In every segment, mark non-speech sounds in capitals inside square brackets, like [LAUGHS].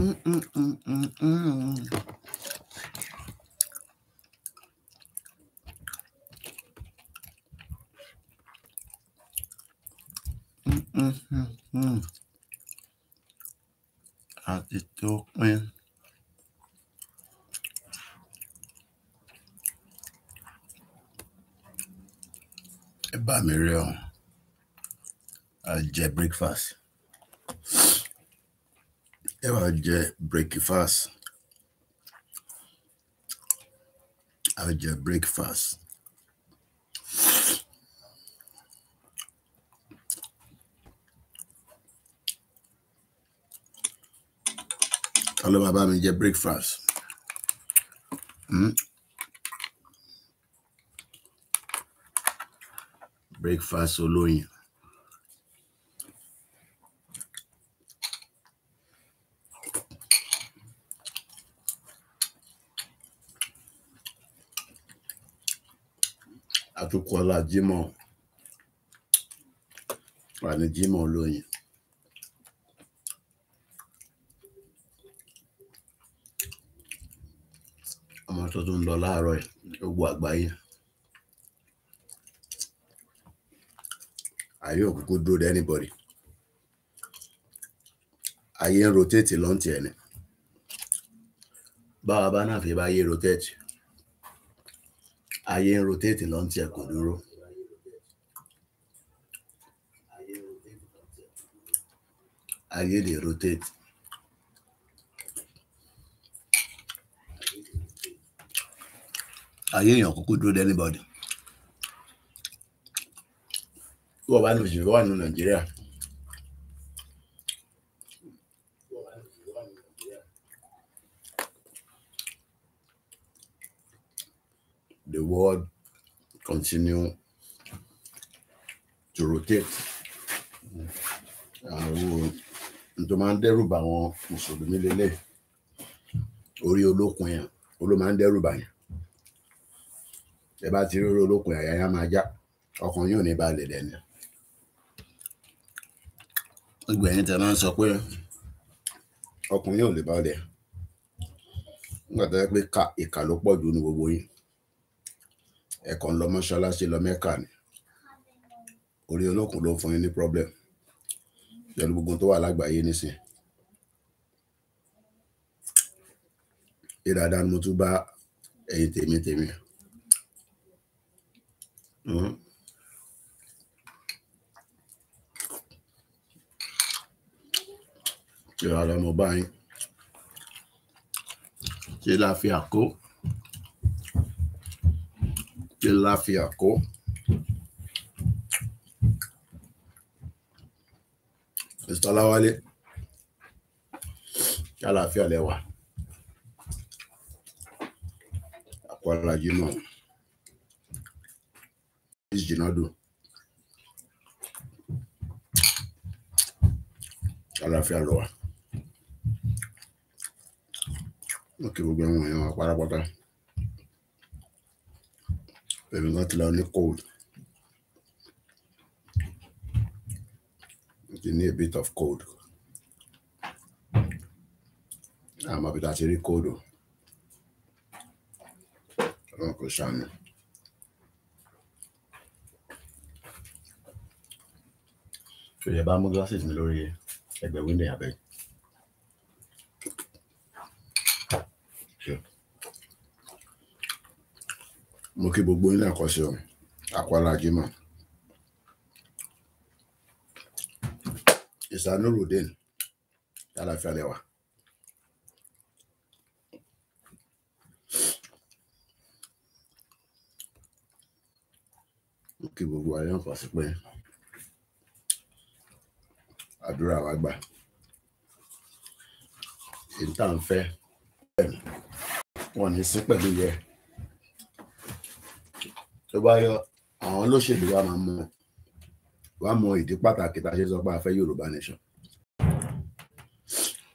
Mm, mm, mm, àti tó pín. ẹ bá mi rí ọ̀hún I'll get breakfast ẹ wàá jẹ breakfast a jẹ breakfast. ta ló máa bá mi jẹ breakfast. Hmm? breakfast olóyin. àtúkọ ọlá Jímọ̀ wà ní Jímọ̀ olóyin ọmọ tó tún lọ láàárọ̀ ẹ gbogbo àgbáyé ayé òkùnkùn dúró de anybody ayé ń rotate lọ́ntì ẹni báwa bá náà fi bá ayé rotate ayé ń rotate lọ tí ẹ kò dúró. ayé lè rotate. ayé èèyàn kúkú dúró dé anybody. bí wọ́n bá ní òṣèlú wà ní Nàìjíríà continue to rotate àwọn tó máa ń dẹ́rù bà àwọn mùsùlùmí lélẹ̀ orí olókun yẹn oló máa ń dẹ́rù bà yẹn ẹ bá ti rí orí olókun yẹn àyà máa já ọkàn yóò ní balẹ̀ lẹ́nu gbogbo ẹ̀yin tẹ máa ń sọ pé ọkàn yóò lè balẹ̀ nígbà tó yẹ pé ìkà ló pọ̀ jù ní gbogbo yín ẹ̀kan lọ mọ́ṣáláṣí lọ mẹ́kà ni orí olókùn ló ń fún yín ní problem pẹ̀lú gbogbo tó wà lágbàáyé nísìn ìdàdà ni mo tún bá ẹ̀yin tèmi tèmi hmm. ìrọ̀lẹ́ mo bá yín ṣe láfi àkó. Tilapia ko. Mr. Ọláwálé, kálàáfíà lẹ́wà. Àpọ̀lá Jimoh, Miss Jinadu, kálàáfíà lọ́wà. Mo kí gbogbo ẹ̀wọ̀n ẹ̀wọ̀n àpárá pátá èmi náà ti lọ ní cold mo ti a bit of cold àmọ́ bí ta ti rí cold o ọlọ́run kò ṣàánú. ṣòyẹ bá mú glasses mi lórí ẹgbẹ́ window yàgbẹ́ yìí. mo kí gbogbo yín àkọsí ọ àkọlá jimá ìsanúròdìn lálàáfíà lẹwà. mo kí gbogbo ayé nǹkan sí pé àdúrà wa gbà èyí tá à ń fẹ́ wọn ní sí pẹ̀lú yẹ tó bá yọ àwọn olóṣèlú wa máa mọ wa mọ ìdí pàtàkì tá a ṣe sọ pé a fẹ́ Yorùbá nation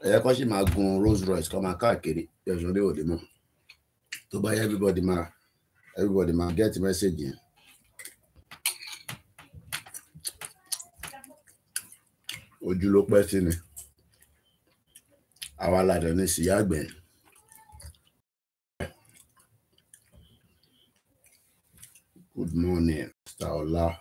ẹ̀yẹ kan sì máa gun Rolls Royce kan máa káàkiri ẹ̀sùn ní òde mọ́ tó bá yẹ everybody máa everybody máa get message yẹn. ojú ló pẹ́ sí ni àwa ládàá ní síyá gbẹ̀yìn. morning. Astaghfirullah.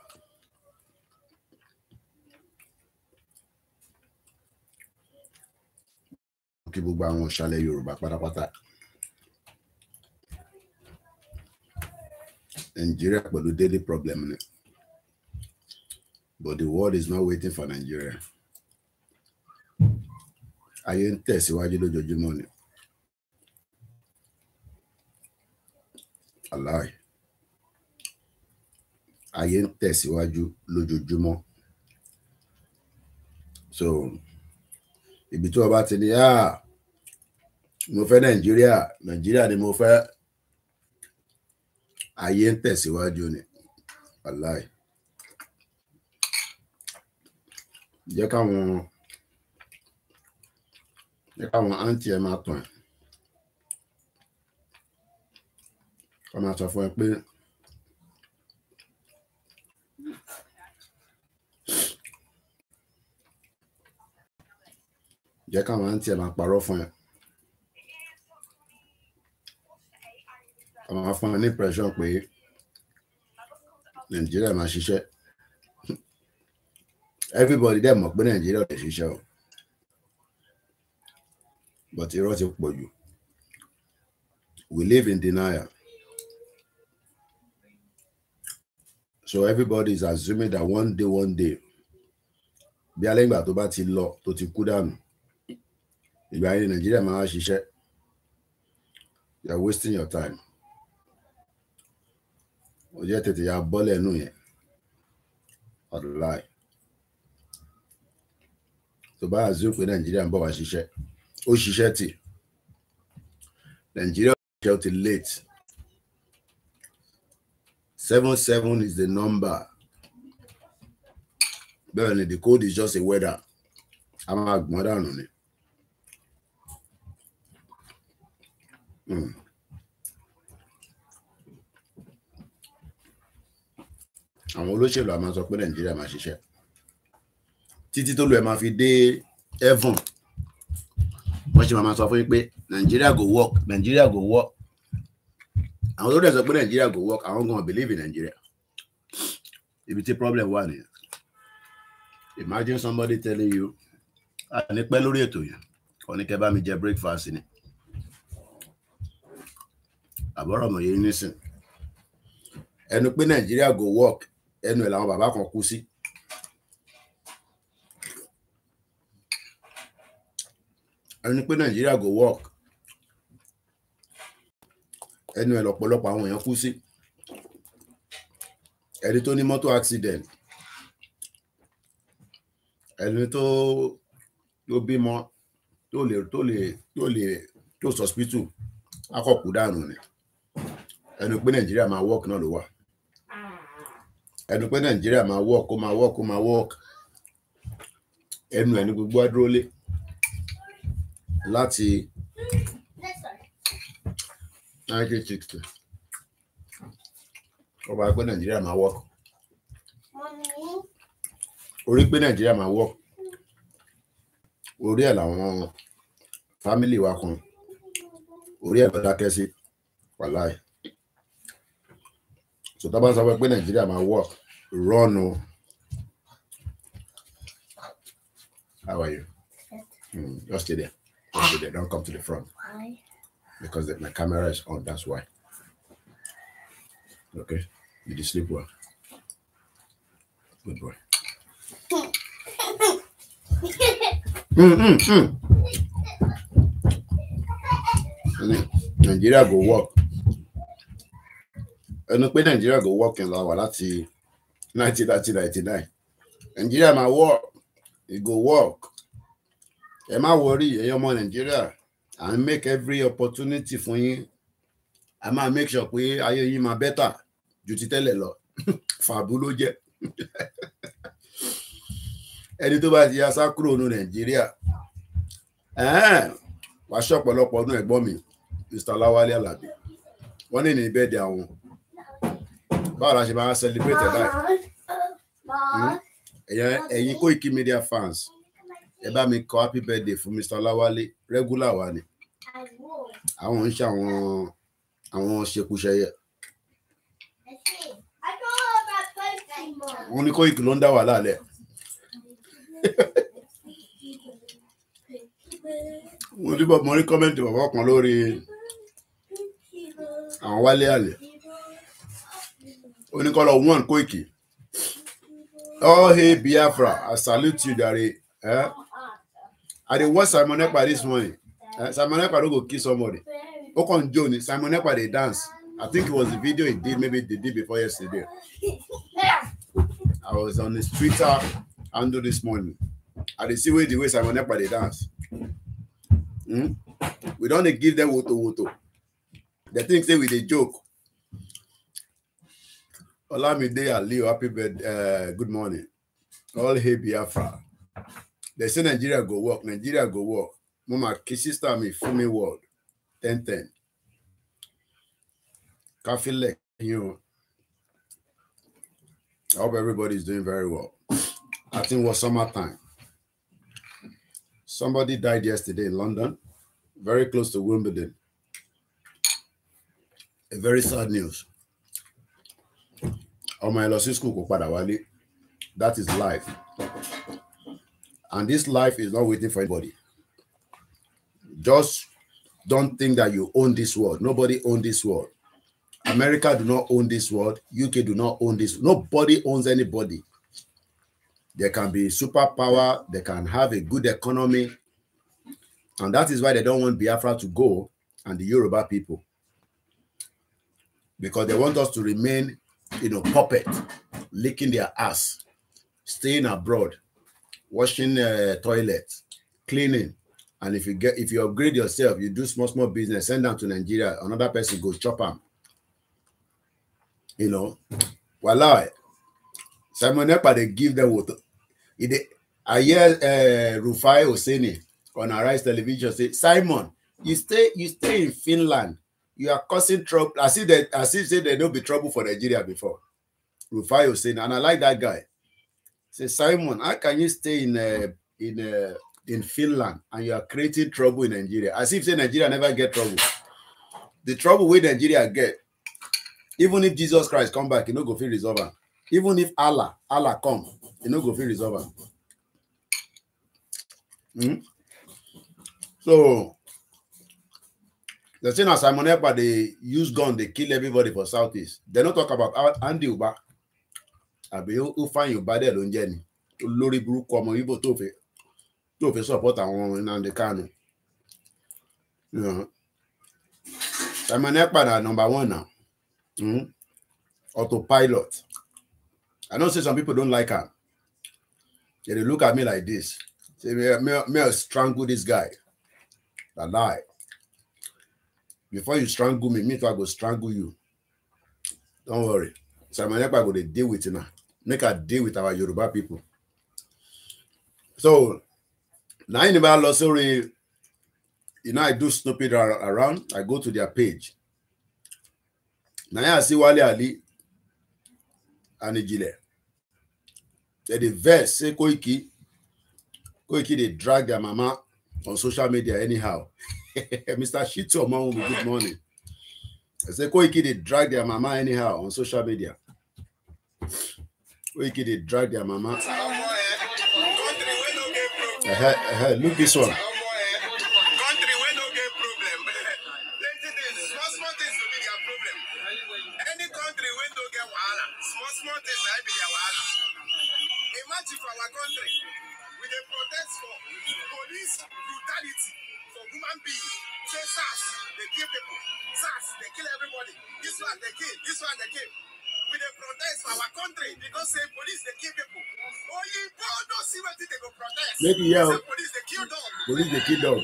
kí gbogbo àwọn ìṣàlẹ̀ Yorùbá pátápátá Nigeria pẹ̀lú daily problem ni but the world is not waiting for Nigeria ayé ń tẹ̀síwájú lójoojúmọ́ ni aláì ayé ń tẹ̀síwájú lójoojúmọ́ so ibi tí wọ́n bá ti ní ah mo fẹ́ nàìjíríà nàìjíríà ni mo fẹ́ ayé ń tẹ̀síwájú ni wàláì jẹ́ káwọn jẹ́ káwọn àǹtí ẹ máa tàn ẹ wọ́n máa sọ fún ẹ pé. jẹ́ káwọn àǹtí ẹ̀ máa parọ́ fún ẹ. àwọn afọ́n ní impression pé nàìjíríà máa ṣiṣẹ́ everybody dẹ̀ mọ̀ pé nàìjíríà ò lè ṣiṣẹ́ o but irọ́ ti pọ̀ jù we live in denial so everybody is assuming that one day one day bí alẹ́ ìgbà tó bá ti lọ tó ti kú dànù ìgbà yẹn nàìjíríà máa wá ṣiṣẹ́ you are wasting your time ó jẹ́ tètè ya bọ́lẹ̀ nù yẹn ọ̀dọ̀láì tó bá àzú pé nàìjíríà ń bọ̀ wá ṣiṣẹ́ ó ṣiṣẹ́ tì nàìjíríà ṣiṣẹ́ ti late seven seven is the number bẹ́ẹ̀ the code is just a weather a máa gbọ́n dànù ni. Mm. àwọn olóṣèlú a máa sọ pé nàìjíríà máa ṣiṣẹ́ títí tó lu ẹ máa fi dé heaven wọ́n ṣe máa sọ fún yín pé nàìjíríà go work nàìjíríà go work àwọn tó dẹ̀ sọ pé nàìjíríà go work àwọn gan believe in nàìjíríà ibi tí problem wà nìyẹn imagine somebody telling you a ní pẹ́ lórí ètò yẹn ọ̀ ní kẹ́ bá mi jẹ breakfast ni àbọ̀rọ̀ mọ̀ yẹn nísìn ẹnu pé nàìjíríà go work ẹnu ẹ̀ làwọn bàbá kan kú sí. ẹnu pé nàìjíríà go work ẹnu ẹ̀ lọ̀pọ̀lọpọ̀ àwọn èèyàn kú sí ẹni tó ní mọ́tò accident ẹni tó tó bímọ tó lè tó lè tó lè tó sọsipítù akọkù dànù ni ẹnu pé nàìjíríà máa work náà ló wà ẹnu pé nàìjíríà máa work ó máa work ó máa work ẹnu ẹni gbogbo adúrólé láti nineteen sixty ọba pé nàìjíríà máa work orí pé nàìjíríà máa work orí ẹ̀ làwọn fámìlì wa kan orí ẹ̀ ló dákẹ́ sí wàláì so tó bá ń sọ pé nàìjíríà máa work run o how are you mm, just stay there just stay there don't come to the front why because the, my camera is on that's why okay did you sleep well good boy mm, mm, mm. Nigeria go work ẹnu pé nàìjíríà go work in lawa láti nine. nàìjíríà máa work e go work ẹ má wọrí ẹ̀yin ọmọ nàìjíríà à ń make every opportunity fún yín a máa make sure pé ayé yín máa bẹ́tà ju ti tẹ́lẹ̀ lọ [LAUGHS] fàbú ló jẹ́ [LAUGHS] ẹni tó bá ti yá sá kúrò ní nàìjíríà wàá ṣọ̀pọ̀lọpọ̀ ọdún ẹ̀gbọ́n mi Mr. Lawale Alabi wọ́n ní ní bẹ́ẹ̀ di àwọn báwo la ṣe máa celebrate ẹ̀dá hmm? ẹ̀ ẹ̀yin Koiki Media fans ẹ bá mi kọ happy birthday fún Mr. Ọláwálé regular wa ni àwọn ń ṣe àwọn àwọn ṣekúṣẹyẹ wọn ní Koiki ló ń dá wàhálà lẹ. mo rí kọ́mẹ́ǹtì bàbá kan lórí àwọn wálé àlè oníkọlọ one Koiki all hey, Biafra I salute you jare eh? I dey watch Simon Ekpa this morning eh? Simon Ekpa no go kill somebody ó kàn jó ni Simon Ekpa dey dance I think it was the video he did maybe the day before yesterday I was on his Twitter handle this morning I dey see wey the way Simon Ekpa dey dance. Mm? We don dey give them woto woto. They think say we dey joke. Olamide Aliyu, happy birthday. Uh, good morning. All hey Biafra. They say Nigeria go work. Nigeria go work. Mama, kisses time me, full me world. 10 10. Coffee you know. I hope everybody's doing very well. I think it was summertime. Somebody died yesterday in London, very close to Wimbledon. A very sad news. ọmọ ẹ lọ sí school kò padà wálé that is life and this life is not waiting for anybody just don't think that you own this world nobody own this world America do not own this world UK do not own this nobody owns anybody they can be superpower they can have a good economy and that is why they don't want Biafra to go and the Yoruba people because they want us to remain you know, puppet, licking their ass, staying abroad, washing uh, toilet, cleaning. And if you get if you upgrade yourself, you do small small business, send them to Nigeria. Another person goes chop them. You know, voila. Eh. Simon Epa they give them water. I hear uh, Rufai Hosseini on Arise Television say, Simon, you stay you stay in Finland you are causing trouble. As if that as if say there no be trouble for Nigeria before. Rufai saying, and I like that guy. Say Simon, how can you stay in uh, in uh, in Finland and you are creating trouble in Nigeria? As if say Nigeria never get trouble. The trouble with Nigeria get, even if Jesus Christ come back, you e know go feel resolve. Her. Even if Allah Allah come, you e know go feel resolve. Her. Hmm. So The thing as Simon Epa, they use gun, they kill everybody for Southeast. They don't talk about Andy Uba. Àbí ó fáyìn Uba dẹ̀ ló ń jẹ́ ni. Lórí burúkú ọmọ Ibo tó fẹ́ tó fẹ́ support àwọn Nnamdi Kanu. Simon Epa na number one now. Mm? Autopilot. I know say some people don't like her. They look at me like this. Say, may, may, may I strangle this guy. A lie before you strangle me me too i go strangle you don't worry simon ekpa go dey deal with una make i deal with our yoruba people so na im never lost sorry you know i do stupid around i go to their page na i see wale ali and ijile dem dey vex say koiki koiki dey drag their mama on social media anyhow Mr. Shitu be good morning. I say Koiki they drag their mama anyhow on social media. Koiki they drag their mama. Uh -huh, uh -huh. Look this one. make you hear police dey kill dog. police dey kill dog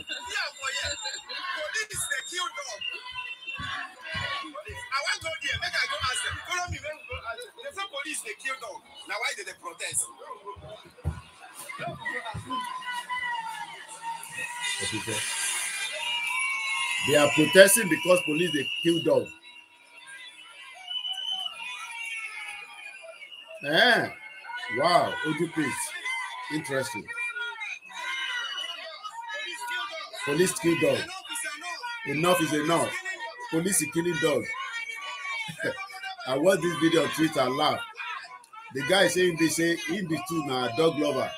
Now why did they protest. they are protesting because police they kill dog. Eh, wow, Odu Prince, interesting. Police kill dog. Enough is enough. Police killing dog. [LAUGHS] I watch this video on Twitter and laugh. The guy saying they say he the too now dog lover.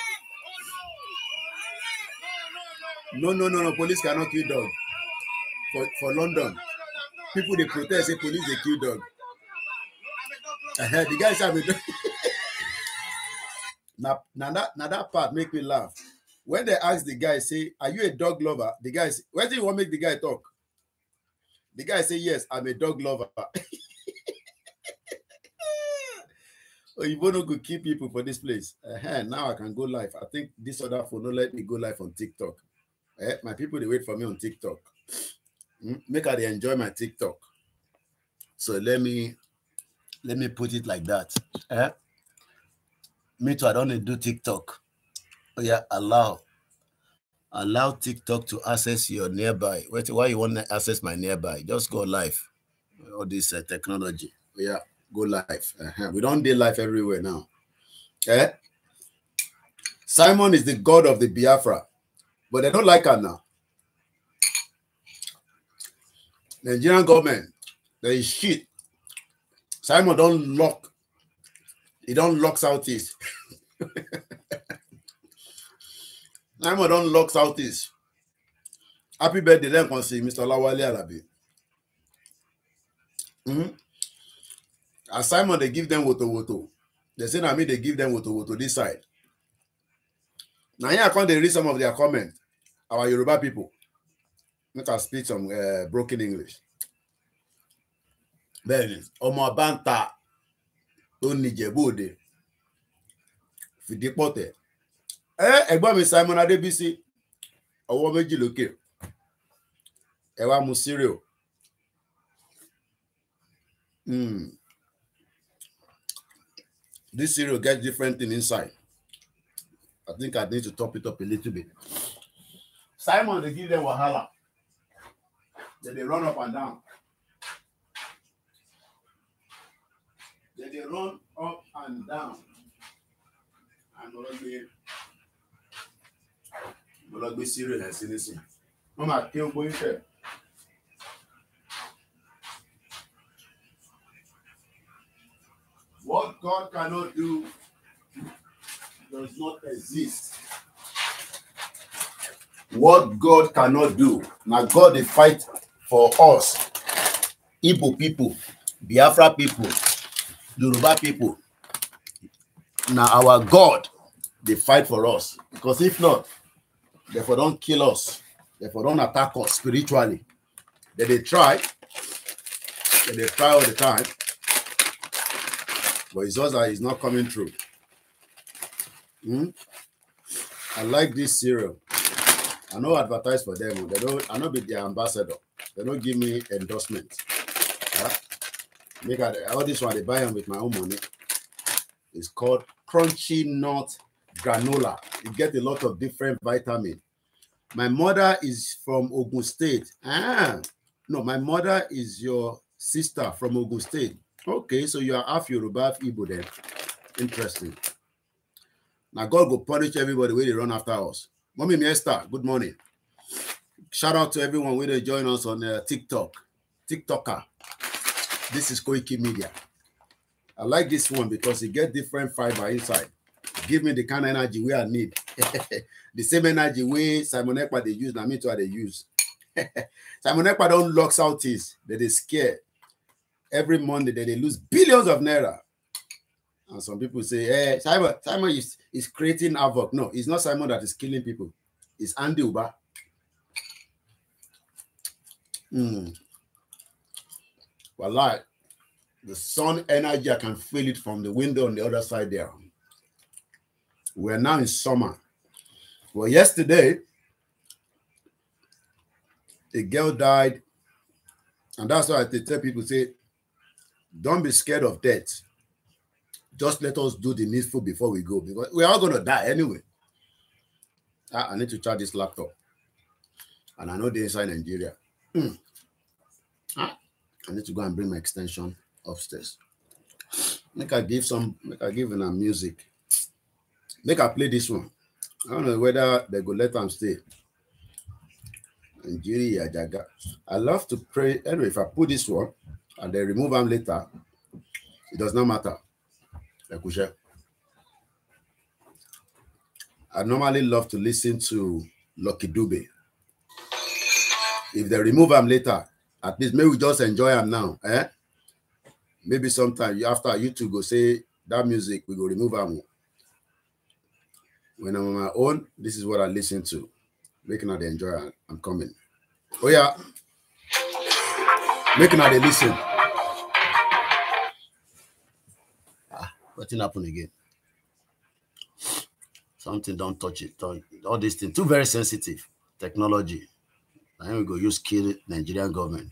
[LAUGHS] no, no, no, no. Police cannot kill dog. For for London, people they protest say police they kill dog. Uh, [LAUGHS] the guy dog. Now, now that now that part make me laugh. When they ask the guy, say, "Are you a dog lover?" The guy, say, "Where do you want to make the guy talk?" The guy say, "Yes, I'm a dog lover." Oh, [LAUGHS] Oyibo no go keep people for this place. Uh-huh, now I can go live. I think this other phone Don't let me go live on TikTok. Uh, my people they wait for me on TikTok. Hmm, make her they enjoy my TikTok. So let me let me put it like that. Uh, me too, I don't need do TikTok. Oh, yeah, allow. Allow TikTok to access your nearby. Wait, why you want to access my nearby? Just go live. All this uh, technology. Oh, yeah, go live. Uh-huh. We don't do live everywhere now. Eh? Simon is the god of the Biafra, but they don't like her now. Nigerian government, they shit. Simon don't lock He don't lock Southeast. I'm don't lock Southeast. Happy birthday lẹ́ẹ̀kan sí Mr. Olawale Alabi. Mm-hmm. As Simon dey give them woto woto. they say na me they give them woto woto this side. Now here I come They read some of their comments, our Yoruba people. Make us speak some uh, broken English. Bẹ́ẹ̀ni, Omo bá ta tó ní Ìjẹ̀bú Òde fìdí pọ̀tẹ́ ẹ ẹ̀gbọ́n mi Simon Adébísí ọwọ́ méjì lókè ẹ wá mu cereal Hmm. this cereal get different thing inside I think I need to top it up a little bit Simon dey give them wahala dem dey run up and down. They dey run up and down. Àná ọlọ́gbé ọlọ́gbé sírè yẹn sí nísìnyí. Wọ́n máa ké ogbó ìfẹ́. What God cannot do does not exist. What God cannot do, na God dey fight for us. Igbo people, Biafra people. Yoruba people, now our God, they fight for us. Because if not, therefore don't kill us. Therefore don't attack us spiritually. Then they try. Then they try all the time. But it's just that it's not coming through. Hmm? I like this cereal. I no advertise for them. They don't. I no be their ambassador. They no give me endorsement. Huh? Make out all this one, I buy them with my own money. It's called crunchy nut granola. You get a lot of different vitamin. My mother is from Ogun State. Ah, no, my mother is your sister from Ogun State. Okay, so you are half Yoruba, half Igbo then. Interesting. Now God will punish everybody when they run after us. Mommy Miesta, good morning. Shout out to everyone when they join us on uh, TikTok. TikToker. This is Koiki Media. I like this one because it gets different fiber inside. Give me the kind of energy we I need. [LAUGHS] the same energy way Simon Ekpa they use, Namito they use. [LAUGHS] Simon Ekpa don't lock out his. that they scare. Every Monday that they lose billions of naira. And some people say, hey, eh, Simon, Simon is, is creating havoc. No, it's not Simon that is killing people. It's Andy Uba. Mm. Well, like the sun energy, I can feel it from the window on the other side there. We're now in summer. Well, yesterday, a girl died, and that's why I tell people say, don't be scared of death. Just let us do the needful before we go because we are going to die anyway. I, ah, I, need to charge this laptop, and I know they're inside Nigeria. Hmm. Ah. I need to go and bring my extension upstairs. Make I give some, make I give them music. Make I play this one. I don't know whether they go let them stay. And Jaga. I love to pray. Anyway, if I put this one and they remove them later, it does not matter. Like I normally love to listen to Lucky Dube. If they remove them later, At least maybe we just enjoy them now. Eh? Maybe sometime after YouTube go say that music, we go remove them. When I'm on my own, this is what I listen to. Making her enjoy I'm coming. Oh yeah. Making her listen. Ah, what thing happen again? Something don't touch it. All these things. Too very sensitive. Technology. na we go use kill nigerian government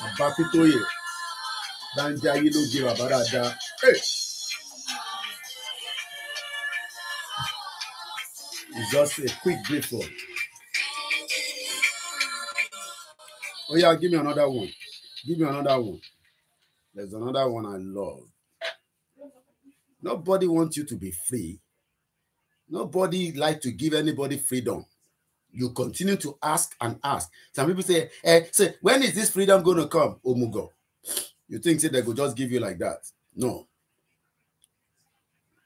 bàbá Akíntóyè Bánjáyé ló jẹ bàbá dáadáa. It's just a quick brief one. Oh yeah, give me another one. Give me another one. There's another one I love. Nobody wants you to be free. Nobody like to give anybody freedom. You continue to ask and ask. Some people say, eh, say, when is this freedom going to come, Omugo? You think say, they could just give you like that? No.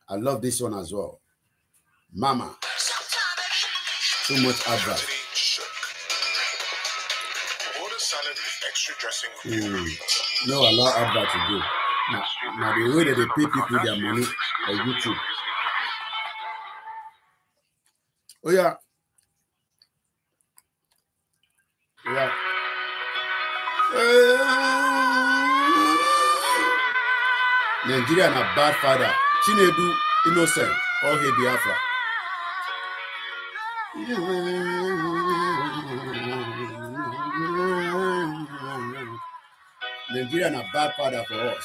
I love this one as well. Mama. Too much advert. Mm. No, allow advert to do. Now, now the way that they pay people their money on YouTube. Oh yeah, nigeria na bad father chinedu innocent ohe biafra. nigeria na bad father for us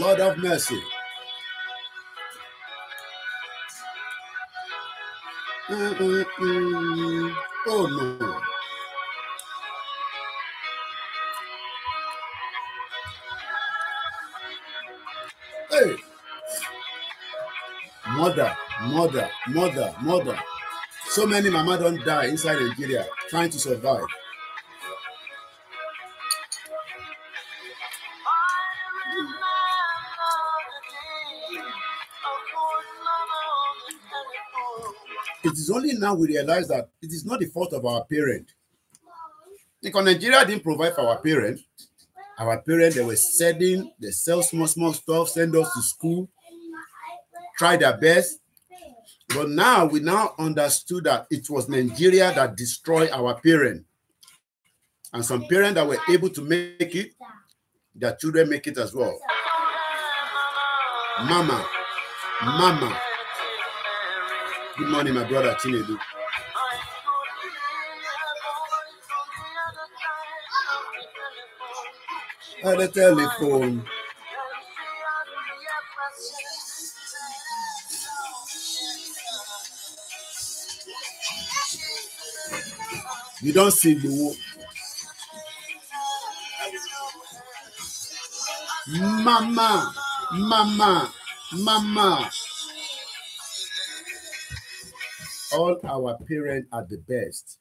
lord of mercy. Mm -mm -mm. Oh no. mother, mother, mother, mother. So many mama don't die inside Nigeria trying to survive. It is only now we realize that it is not the fault of our parent. Because Nigeria didn't provide for our parents. Our parents, they were selling, they sell small, small stuff, send us to school, tried their best. But now we now understood that it was Nigeria that destroyed our parents. And some parents that were able to make it, their children make it as well. Mama, mama. Good morning, my brother Chinedu. At the telephone. you don see Igboho. Mama, mama, mama. All our parents are the best,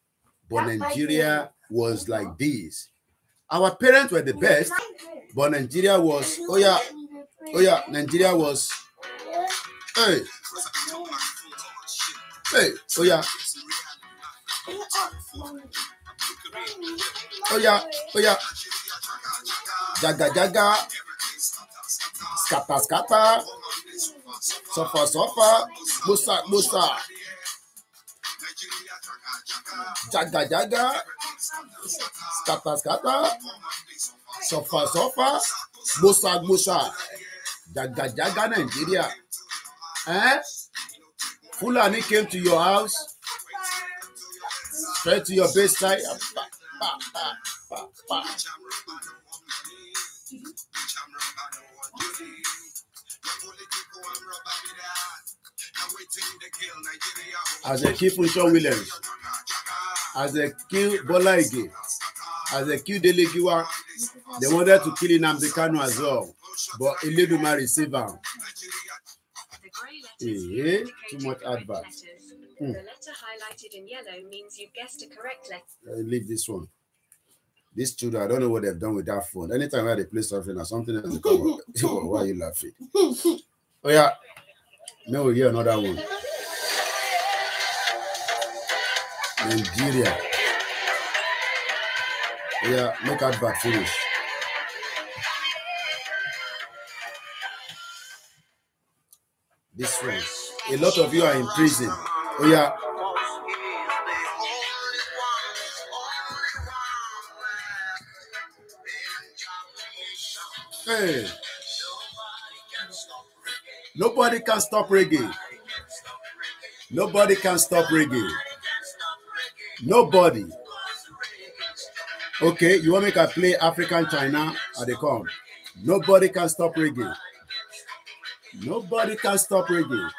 but Nigeria was like this. Our parents were the best, but Nigeria was, oh yeah, oh yeah, Nigeria was, hey, hey, oh yeah ó yá ó yá jagajaga skataskata sọfàsọfà gbòsàgbòsà jagajaga skataskata sọfàsọfà gbòsàgbòsà jagajaga nàìjíríà eh? Fulani came to your house. Straight to your bedside. As they kill Funshaw Williams, as they kill Bola Ige, as they kill Dele they wanted to kill Nnamdi Kanu as well, but Eleduma receive am. Eh, eh, too much advert. Mm. The letter highlighted in yellow means you've guessed a correct letter. I leave this one. This children, I don't know what they've done with that phone. Anytime I they play something or something else, come on. [LAUGHS] [LAUGHS] why are you laughing? Oh yeah, now we hear another one. Nigeria. Oh, yeah, make that back finish. This one. A lot of you are in prison. Oh yeah! Hey. Nobody can stop reggae. Nobody can stop reggae. Nobody. Okay, you want me to play African China at the come? Nobody can stop reggae. Nobody can stop reggae.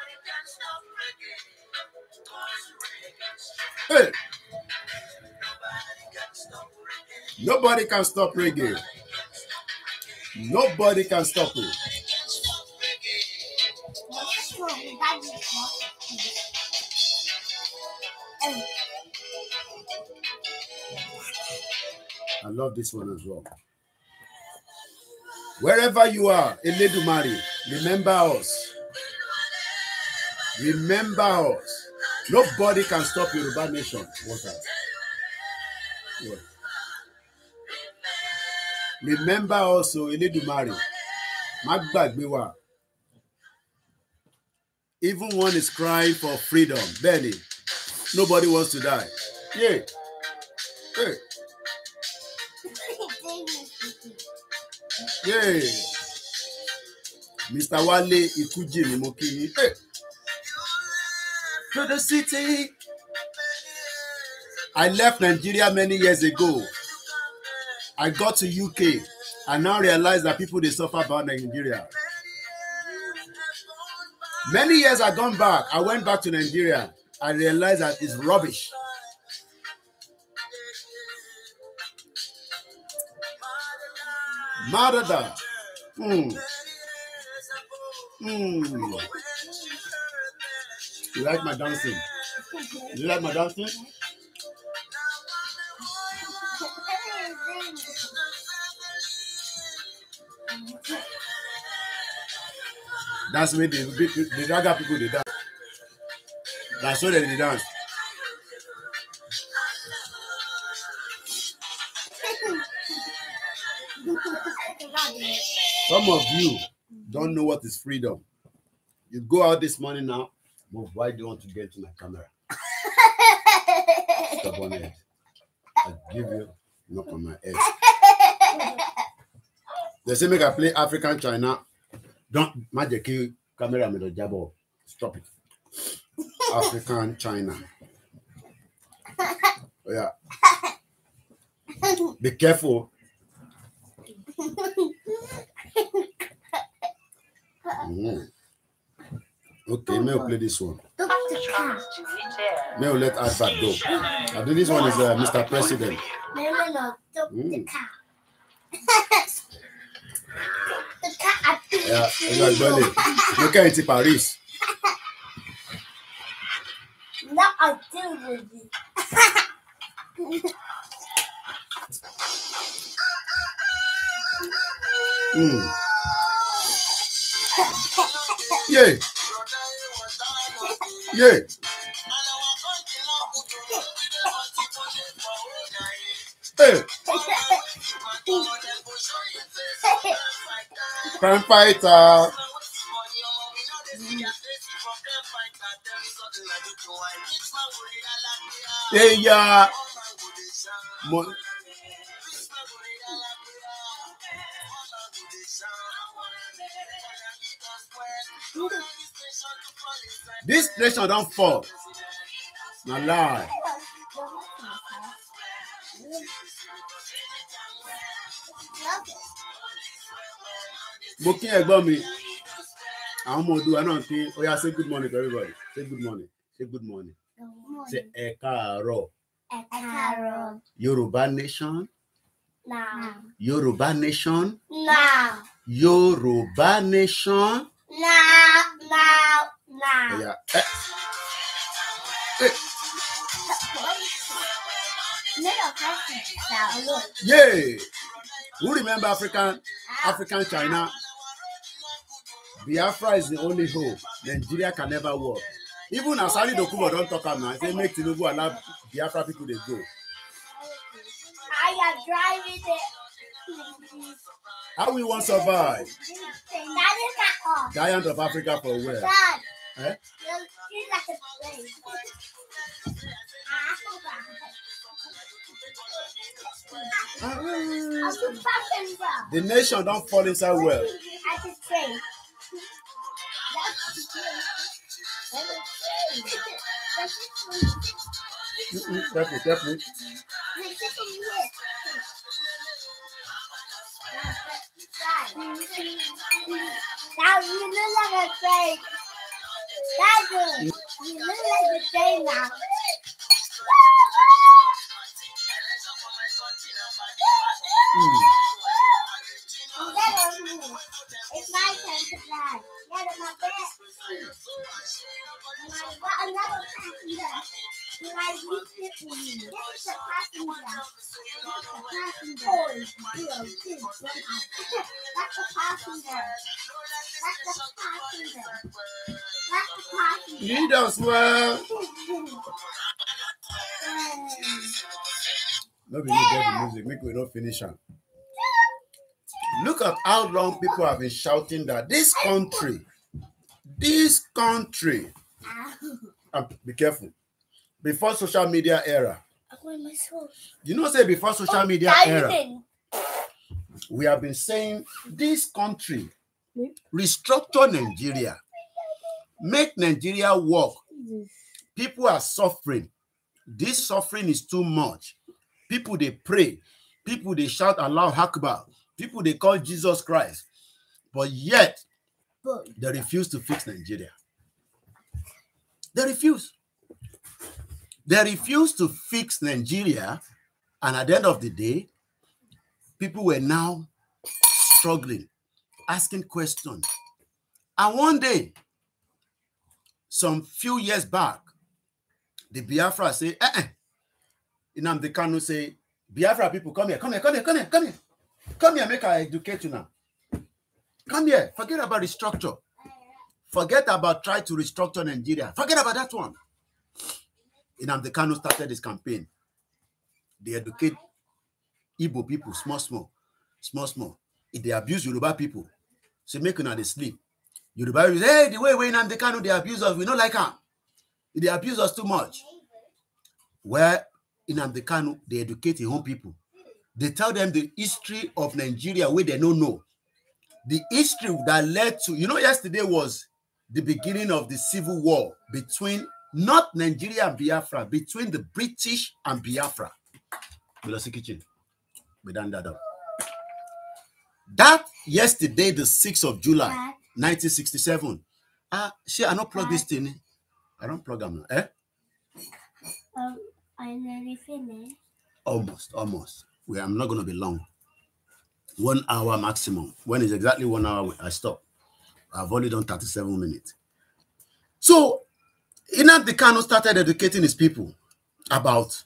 Hey. Nobody can stop reggae. Nobody can stop it. I love this one as well. Wherever you are, Eledumari, remember us. Remember us. Nobody can stop Yoruba nation. What's that? Yeah. Remember also Elédùmarè, má gbàgbé wa. Even one is crying for freedom. Benny. nobody wants to die. Yeah. Hey. Yeah. Mr. Wale Ikuji, mo Hey to the city. I left Nigeria many years ago. I got to UK and now realize that people they suffer about Nigeria. Many years I gone back. I went back to Nigeria. I realized that it's rubbish. Marada. Mm. Mm. You like my dancing? You like my dancing? That's where the, the Raga people they dance. That's where they dance. Some of you don't know what is freedom. You go out this morning now, But why do you want to get to my camera? Stop on it! I give you knock on my head. They say make I play African China. Don't magic you camera me the jabo. Stop it. African China. Oh, yeah. Be careful. Mm. Okay, Mel, play this one. Mel, let advert go. I think this one is uh, Mr. President. Mm. [LAUGHS] yeah, exactly. Look at it, Paris. No, I do with it. Mm. Yeah. Yeah. Hey. Crime fighter. Hey, yeah. Mo This nation don't fall. Na lie. Mo kí ẹ̀gbọ́n mi. Àwọn ọmọ Odùwà náà pé ó yá say good morning to everybody. Say good morning. Say good morning. Say ẹ káàárọ̀? Ẹ káàárọ̀. Yorùbá nation. Now. Yorùbá nation. Now. Yorùbá nation. Now, now, now. Yeah. Eh. Eh. Yeah. Who remember African African China? Biafra is the only hope. Nigeria can never work. Even as Ali Dokubo don't talk am now, say make Tinubu allow Biafra people to go. I am driving it. How we want survive? Giant of Africa for where? God. Eh? Ah. the nation don't fall inside well. Help now you look like a train. That's good. You look like a train now. It's my turn to fly. my i got another passenger. You don't swear. No, we need the music. Make we not finish it. Look at how long people have been shouting that this country, this country, ah, be careful before social media era. You know, say before social oh, media era, we have been saying this country restructure Nigeria, make Nigeria work. People are suffering. This suffering is too much. People they pray, people they shout aloud, Akbar, people they call Jesus Christ, but yet they refuse to fix Nigeria. They refuse. They refused to fix Nigeria. And at the end of the day, people were now struggling, asking questions. And one day, some few years back, the Biafra say, eh, eh. the Kanu say, Biafra people, come here, come here, come here, come here, come here. Come here, make I educate you now. Come here, forget about restructure. Forget about trying to restructure Nigeria. Forget about that one. Inamde Kano started this campaign. They educate Igbo people, small, small, small, small. If they abuse Yoruba people, so make them they sleep. Yoruba people hey, the way we Inamde Kano, they abuse us, we don't like him. They abuse us too much. Where Inamde Kano, they educate their own people. They tell them the history of Nigeria where they don't know. The history that led to, you know, yesterday was the beginning of the civil war between not Nigeria and Biafra, between the British and Biafra. Bilosi Kitchen, Bedandada. That yesterday, the 6th of July, 1967. Ah, uh, see, I don't plug this thing. I don't plug them. Eh? Um, I nearly finished. Almost, almost. We, I'm not going to be long. One hour maximum. When is exactly one hour, I stop. I've only done 37 minutes. So Nnamdi Kanu started educating his people about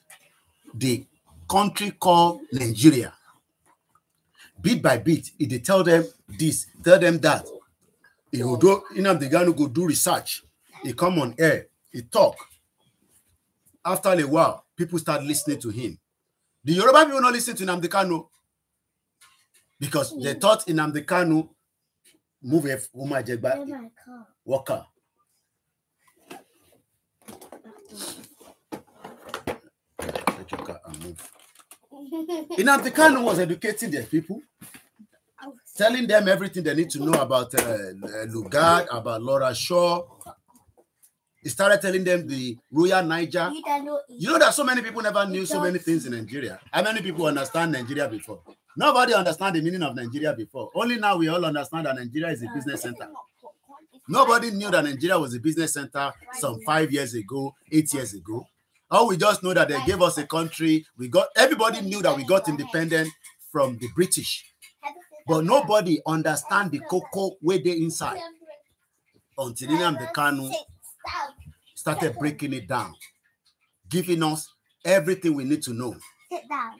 the country called Nigeria. Bit by bit, he did tell them this, tell them that. He would do, Nnamdi Kanu go do research. He come on air, he talk. After a while, people start listening to him. The Yoruba people not listen to Nnamdi Kanu because they hmm. thought Nnamdi Kanu move a woman oh worker. Let your cat and move. Inamdi Kanu was educating their people, telling them everything they need to know about uh, uh, Lugard, about Laura Shaw. He started telling them the Royal Niger. You know that so many people never knew so many things in Nigeria. How many people understand Nigeria before? Nobody understand the meaning of Nigeria before. Only now we all understand that Nigeria is a business center. Nobody knew that Nigeria was a business center some five years ago, eight years ago. All we just know that they gave us a country. We got everybody knew that we got independent from the British, but nobody understand the cocoa way they inside until Nnamdi the Kanu started breaking it down, giving us everything we need to know. Sit down.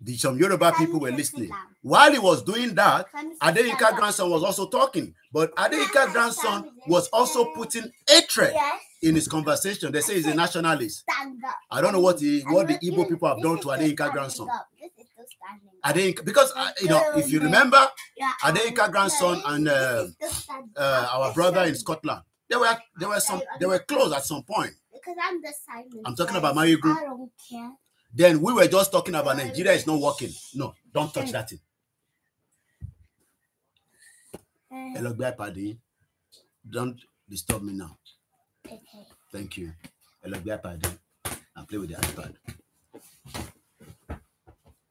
the, some Yoruba people were listening. While he was doing that, Adeika grandson was also talking, but Adeika grandson was also putting hatred in his conversation. They say he's a nationalist. I don't know what the what the Igbo people have done to Adeika grandson. Adeika, because uh, you know, if you remember, Adeika grandson and um, uh, uh, our brother in Scotland, they were they were some they were close at some point. Because I'm the Simon. I'm talking about my group. I don't care. Then we were just talking about Nigeria is not working. No, don't touch that thing. Ẹ lọ gbé Don't disturb me now. Okay. Thank you. Ẹ lọ gbé and play with the iPad.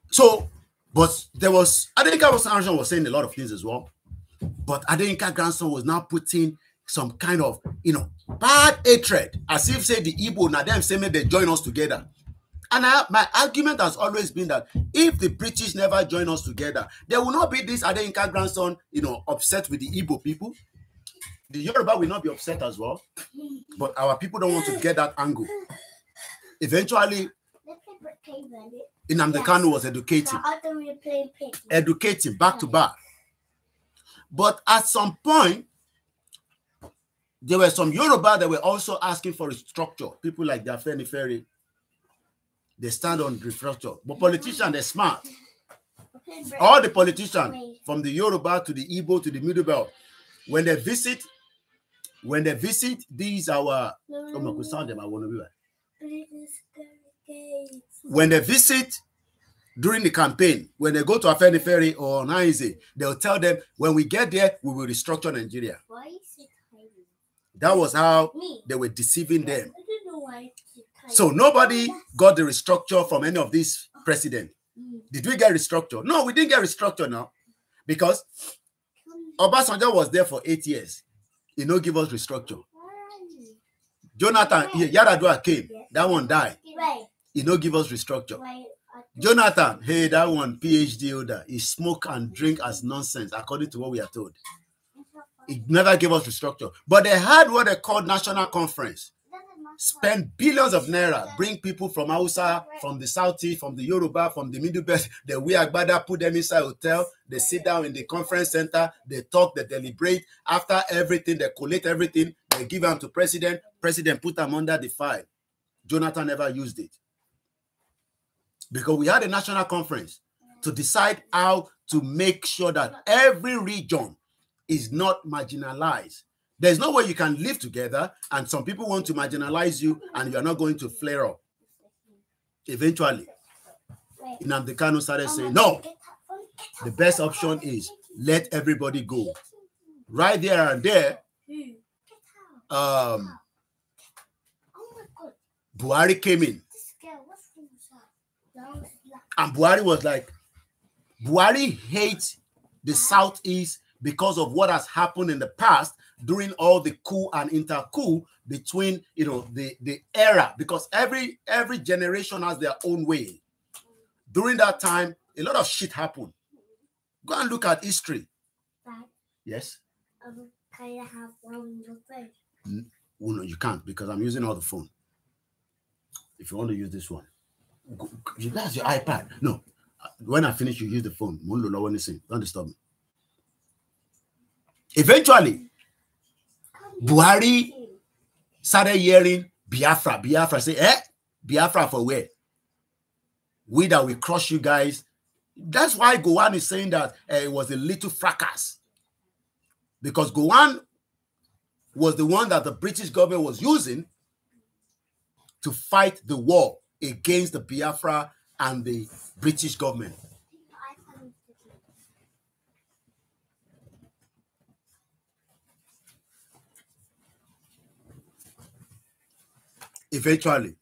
So, but there was Adenika's was, Arson was saying a lot of things as well. But Adenika's grandson was now putting some kind of you know bad hatred as if say the Igbo now them say maybe join us together. And I, my argument has always been that if the British never join us together, there will not be this Adeyinka grandson, you know, upset with the Igbo people. The Yoruba will not be upset as well, but our people don't want to get that angle. Eventually, Inamde yes. was educated. educating back to back. But at some point, there were some Yoruba that were also asking for a structure. People like Dafeni Ferry, they stand on reflector. But politicians, they're smart. All the politicians, from the Yoruba to the Igbo to the Middle Belt, when they visit, when they visit these our sound them, I want to be right. When they visit during the campaign, when they go to Afeni Ferry or Naize, they'll tell them when we get there, we will restructure Nigeria. Why is it That was how they were deceiving them. So nobody got the restructure from any of these oh. president. Mm. Did we get restructure? No, we didn't get restructure now because Obasanjo was there for eight years. He no give us restructure. Jonathan Yaradua came. That one died. He no give us restructure. Jonathan, hey, that one PhD holder. He smoke and drink as nonsense, according to what we are told. he never gave us restructure. But they had what they called national conference spend billions of naira, bring people from Hausa, from the Southeast, from the Yoruba, from the Middle Belt. They we agbada, put them inside hotel. They sit down in the conference center. They talk, they deliberate. After everything, they collate everything. They give them to president. President put them under the file. Jonathan never used it. Because we had a national conference to decide how to make sure that every region is not marginalized there's no way you can live together and some people want to marginalize you and you're not going to flare up. Eventually, Inamdekano started saying, no, the best option is let everybody go. Right there and there, um, Buhari came in. And Buhari was like, Buhari hates the Southeast because of what has happened in the past during all the coup and inter-coup between you know the the era because every every generation has their own way during that time a lot of shit happened go and look at history Dad, yes um, can i have one no, you can't because i'm using all the phone if you want to use this one that's your ipad no when i finish you use the phone don't disturb me eventually Buhari started hearing Biafra, Biafra, say, eh, Biafra for where? We that we crush you guys. That's why Gowan is saying that uh, it was a little fracas. Because Gowan was the one that the British government was using to fight the war against the Biafra and the British government. eventually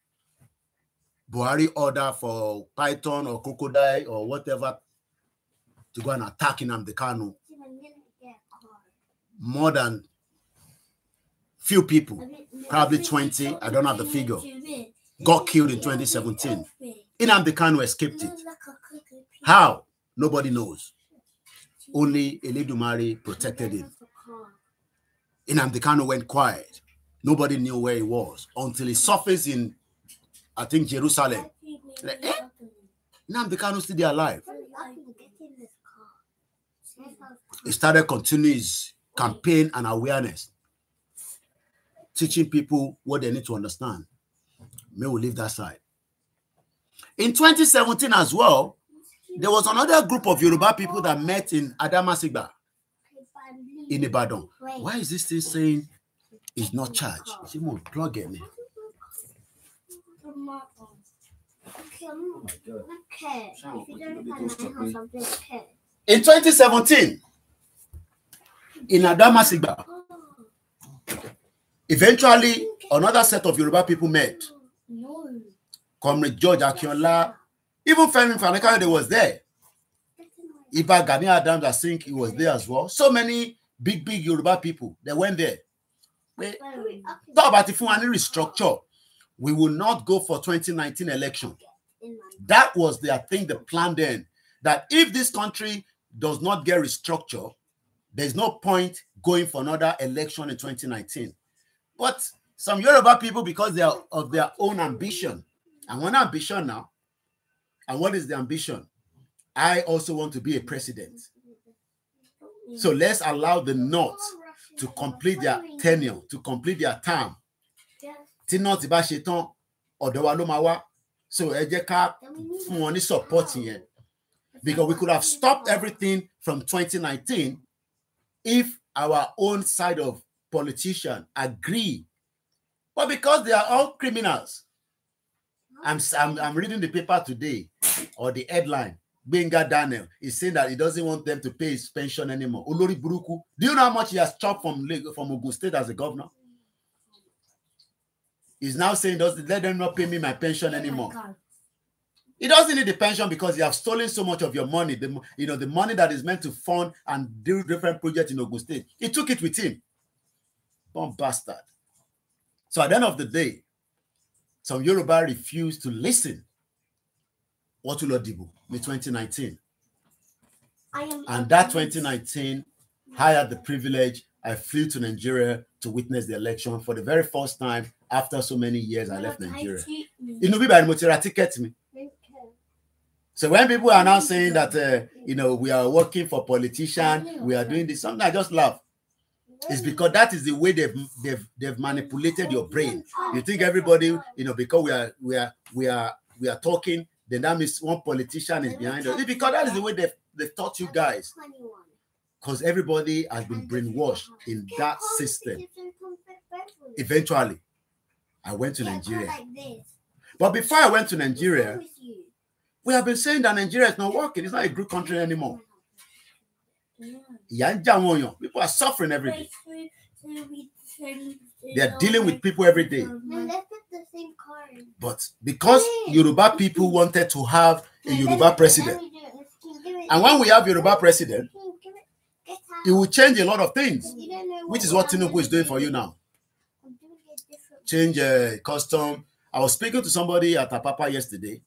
Buhari order for Python or Crocodile or whatever to go and attack in Kanu. More than few people, probably 20, I don't have the figure, got killed in 2017. in Kanu escaped it. How? Nobody knows. Only Eledumare protected him. in Kanu went quiet. Nobody knew where he was until he surfaced in, I think, Jerusalem. Like, eh? Nnamdi Kanu still there alive. He started continuing his campaign and awareness, teaching people what they need to understand. May we leave that side. In 2017 as well, there was another group of Yoruba people that met in Adamasigba in Ibadan. Why is this thing saying is not charged ṣé mo plug it in. in 2017, in Inadamasingba eventually another set of Yoruba people met Comrade George Akinola even Femi Fani-Kanode was there Iba Gani Adams I think he was there as well so many big big Yoruba people they went there pé about o bá ti restructure we will not go for twenty nineteen election that was their thing the plan then that if this country does not get restructured there is no point going for another election in twenty nineteen but some Yoruba people because they are of their own ambition and one ambition now and what is the ambition I also want to be a president so let's allow the North to complete their tenure to complete their term tí náà ti bá ṣe tán ọ̀dọ̀ wa ló máa wá so ẹ jẹ́ ká fún wọn ní support yẹn because we could have stopped everything from 2019 if our own side of politician agree but because they are all criminals I'm, I'm, I'm reading the paper today or the headline Benga Daniel is saying that he doesn't want them to pay his pension anymore. Olori Buruku, do you know how much he has chopped from from Ogun State as a governor? He's now saying, "Does let them not pay me my pension oh anymore?" Oh he doesn't need the pension because you have stolen so much of your money. The, you know the money that is meant to fund and do different projects in Ogun State. He took it with him. Bomb bastard. So at the end of the day, some Yoruba refused to listen Otula Dibu in 2019. and that 2019, I had the privilege, I flew to Nigeria to witness the election for the very first time after so many years I left Nigeria. You know, by the ticket me. So when people are now saying that, uh, you know, we are working for politicians, we are doing this, something I just laugh. It's because that is the way they've they've they've manipulated your brain. You think everybody, you know, because we are we are we are we are talking, then that means one politician is behind us. Because that is the way they've, they've taught you guys. Because everybody has been brainwashed in that system. Eventually, I went to Nigeria. But before I went to Nigeria, we have been saying that Nigeria is not working. It's not a good country anymore. People are suffering every day. They are dealing with people every day. But because Yoruba people wanted to have a Yoruba president, and when we have Yoruba president, it will change a lot of things, which is what Tinubu is doing for you now. Change uh, custom. I was speaking to somebody at Apapa yesterday,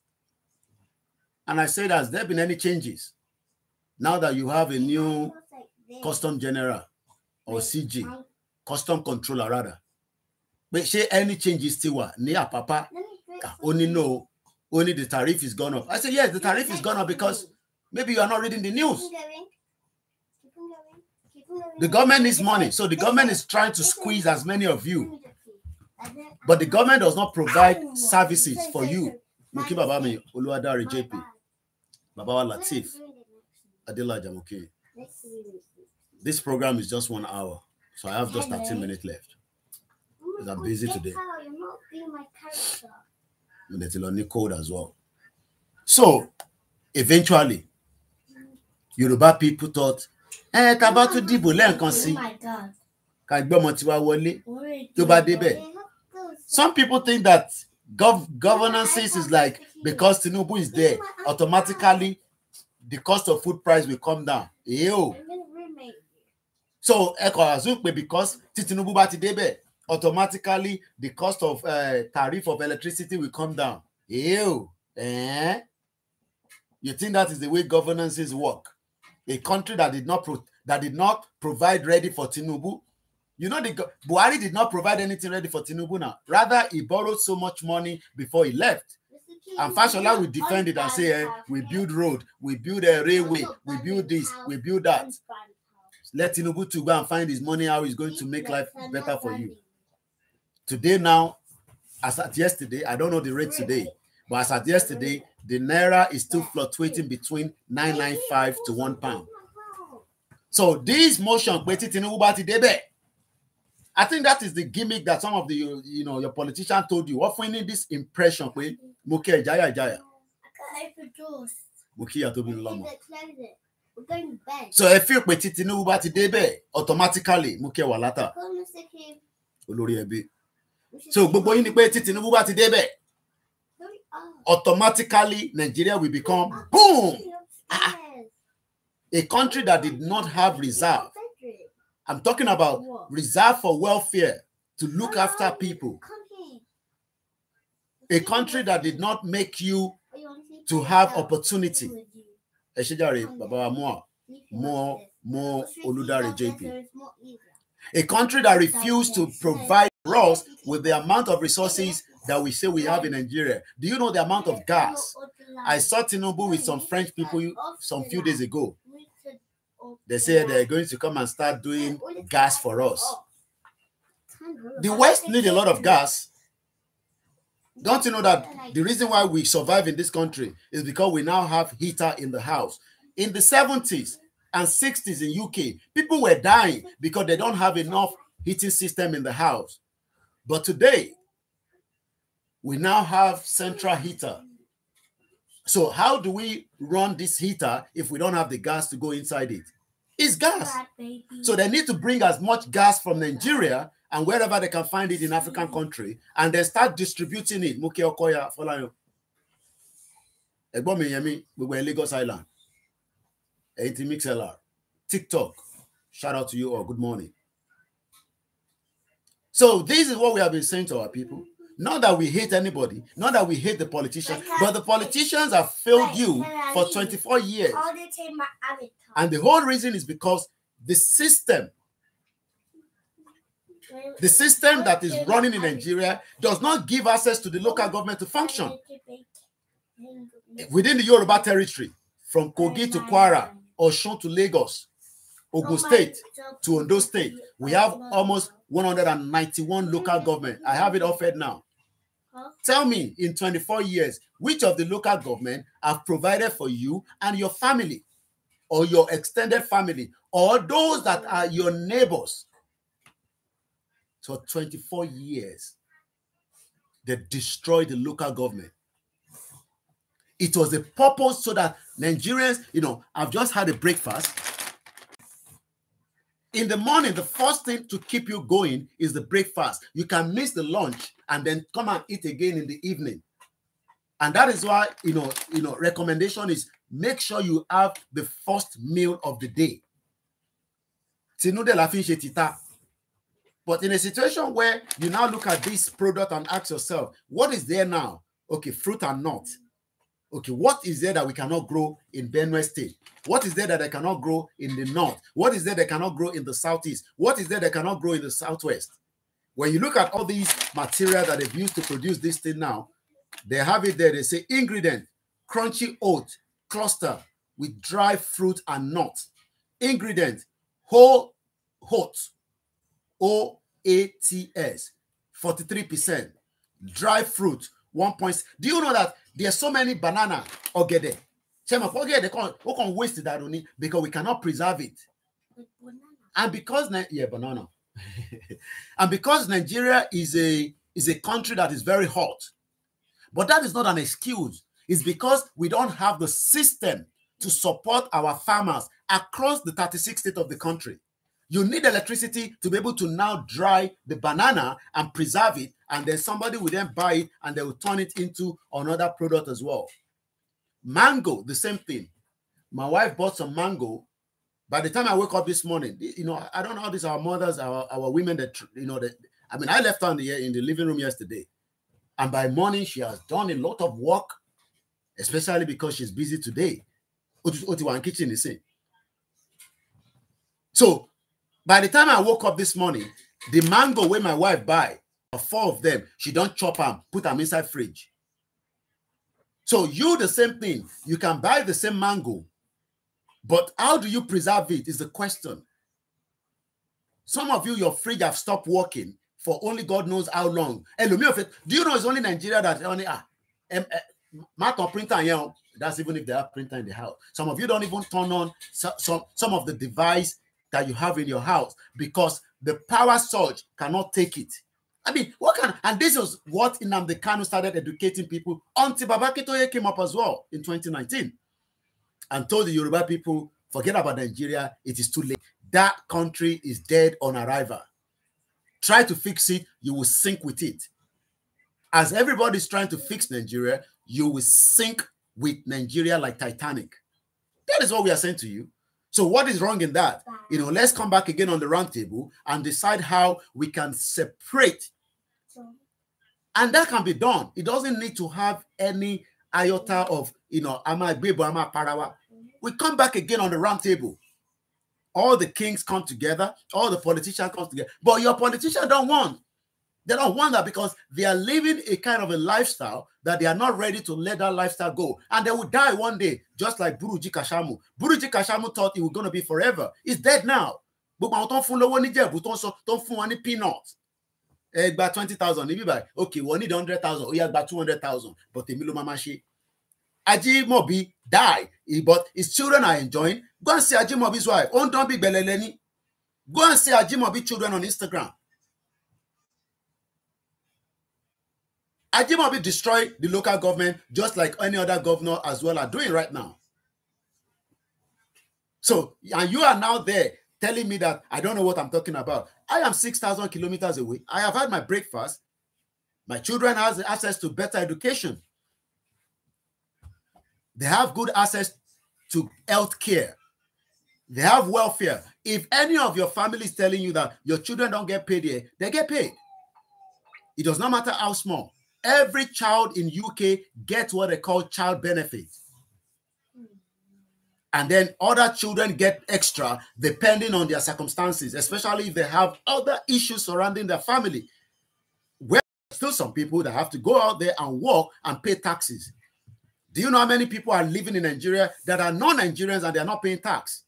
and I said, Has there been any changes now that you have a new custom general or CG, custom controller rather? But she, any changes Still, what? ní Papa. Ah, only no only the tariff is gone up i say yes the tariff is gone up because maybe you are not reading the news the government needs money so the government is trying to squeeze as many of you but the government does not provide services for you muki baba me, oluwadari jp baba wa lateef adelaja this program is just one hour so i have just 13 minutes left because are busy today. And it's only cold as well. So eventually, Yoruba people thought, eh, to bá tún dìbò see." Oh my God! ọmọ tiwa wọlé. Tó bá débẹ̀. Some people think that gov governance is like because Tinubu is there, automatically the cost of food price will come down. Yo. So ẹ kọ̀ assume because Tinubu bá ti automatically the cost of uh, tariff of electricity will come down. Ew. Eh? You think that is the way governances work? A country that did not that did not provide ready for Tinubu. You know, the Buhari did not provide anything ready for Tinubu now. Rather, he borrowed so much money before he left. And Fashola will defend it and say, eh, we build road, we build a eh, railway, we build this, we build that. Let Tinubu to go and find his money how he's going to make life better for you. Today now, as at yesterday, I don't know the rate today, but as at yesterday, the naira is still fluctuating between 995 to one pound. So this motion, I think that is the gimmick that some of the you know your politician told you. Often in this impression, pé mo kí ẹ jáyà jáyà. Mo kí ìyá tó bí lọ́mọ. So if you put it Tinubu bá ti débẹ̀ automatically mo kí ẹ wà látà. Olórí ẹbí. so gbogbo yín ni pé tí Tinubu bá débẹ̀ automatically Nigeria will become boom ah, a country that did not have reserve I'm talking about reserve for welfare to look after people a country that did not make you to have opportunity ẹ ṣe jàre bàbá wa Olùdarí JP a country that refused to provide with the amount of resources that we say we have in Nigeria. Do you know the amount of gas? I saw Tinubu with some French people some few days ago. They said they're going to come and start doing gas for us. The West need a lot of gas. Don't you know that the reason why we survive in this country is because we now have heater in the house. In the 70s and 60s in UK, people were dying because they don't have enough heating system in the house. But today, we now have central heater. So how do we run this heater if we don't have the gas to go inside it? It's gas. So they need to bring as much gas from Nigeria and wherever they can find it in African mm. country, and they start distributing it. Muki Okoya, you. Ẹ̀gbọ́n mi yẹn we were in Lagos Island. Eighty mix TikTok. Shout out to you all. Good morning. So this is what we have been saying to our people. Not that we hate anybody, not that we hate the politicians, but the politicians have failed you for 24 years. And the whole reason is because the system, the system that is running in Nigeria does not give access to the local government to function within the Yoruba territory, from Kogi to Kwara, Oshun to Lagos, Ogun State to Ondo State. We have almost 191 local government. I have it offered now. Huh? Tell me in 24 years, which of the local government have provided for you and your family or your extended family or those that are your neighbors for 24 years? They destroyed the local government. It was a purpose so that Nigerians, you know, I've just had a breakfast in the morning, the first thing to keep you going is the breakfast. You can miss the lunch and then come and eat again in the evening. And that is why, you know, you know, recommendation is make sure you have the first meal of the day. But in a situation where you now look at this product and ask yourself, what is there now? Okay, fruit and nuts Okay, what is there that we cannot grow in Benue State? What is there that I cannot grow in the north? What is there that cannot grow in the southeast? What is there that cannot grow in the southwest? When you look at all these material that they've used to produce this thing now, they have it there. They say ingredient, crunchy oat cluster with dry fruit and nuts. Ingredient, whole hot, O A T S, 43%. Dry fruit, one point. Do you know that There's so many banana ogede. Shema ogede we can waste that only because we cannot preserve it. And because yeah, banana. [LAUGHS] and because Nigeria is a is a country that is very hot, but that is not an excuse. It's because we don't have the system to support our farmers across the 36 states of the country. You need electricity to be able to now dry the banana and preserve it, and then somebody will then buy it and they will turn it into another product as well. Mango, the same thing. My wife bought some mango. By the time I wake up this morning, you know, I don't know how these our mothers, our, our women that you know that I mean, I left her in the, in the living room yesterday, and by morning she has done a lot of work, especially because she's busy today. Otiwan kitchen is saying. So by the time I woke up this morning, the mango where my wife buy, four of them, she don't chop them, put them inside fridge. So you the same thing. You can buy the same mango, but how do you preserve it is the question. Some of you, your fridge have stopped working for only God knows how long. Do you know it's only Nigeria that only ah, mark eh, or printer? You know, that's even if they have printer in the house. Some of you don't even turn on some, some, some of the device that you have in your house because the power surge cannot take it. I mean, what can and this is what the Kanu started educating people until Babakitoye came up as well in 2019 and told the Yoruba people, forget about Nigeria, it is too late. That country is dead on arrival. Try to fix it, you will sink with it. As everybody's trying to fix Nigeria, you will sink with Nigeria like Titanic. That is what we are saying to you. So what is wrong in that? You know, let's come back again on the roundtable and decide how we can separate. And that can be done. It doesn't need to have any iota of, you know, am I Bibo, am I Parawa? We come back again on the roundtable. All the kings come together, all the politicians come together. But your politician don't want they don't want that because they are living a kind of a lifestyle that they are not ready to let that lifestyle go. And they will die one day, just like Buruji Kashamu. Buruji Kashamu thought he was going to be forever. He's dead now. But àwọn don't fún lówó níjẹ̀bú tó ń sọ tó ń fún wọn ní peanut ẹ gba twenty thousand níbí báyìí We need hundred thousand ó yá gba two hundred thousand but èmi ló máa ma Ajimobi die he, but his children are enjoying go and see Ajimobi's wife ó ń dán bí gbẹlẹlẹ ní go and see Ajimobi children on Instagram Ajimobi destroyed the local government just like any other governor as well are doing right now. So, and you are now there telling me that I don't know what I'm talking about. I am 6,000 kilometers away. I have had my breakfast. My children has access to better education. They have good access to health care. They have welfare. If any of your family is telling you that your children don't get paid here, they get paid. It does not matter how small. Every child in UK gets what they call child benefits, And then other children get extra depending on their circumstances, especially if they have other issues surrounding their family. Where still some people that have to go out there and work and pay taxes. Do you know how many people are living in Nigeria that are non-Nigerians and they are not paying tax?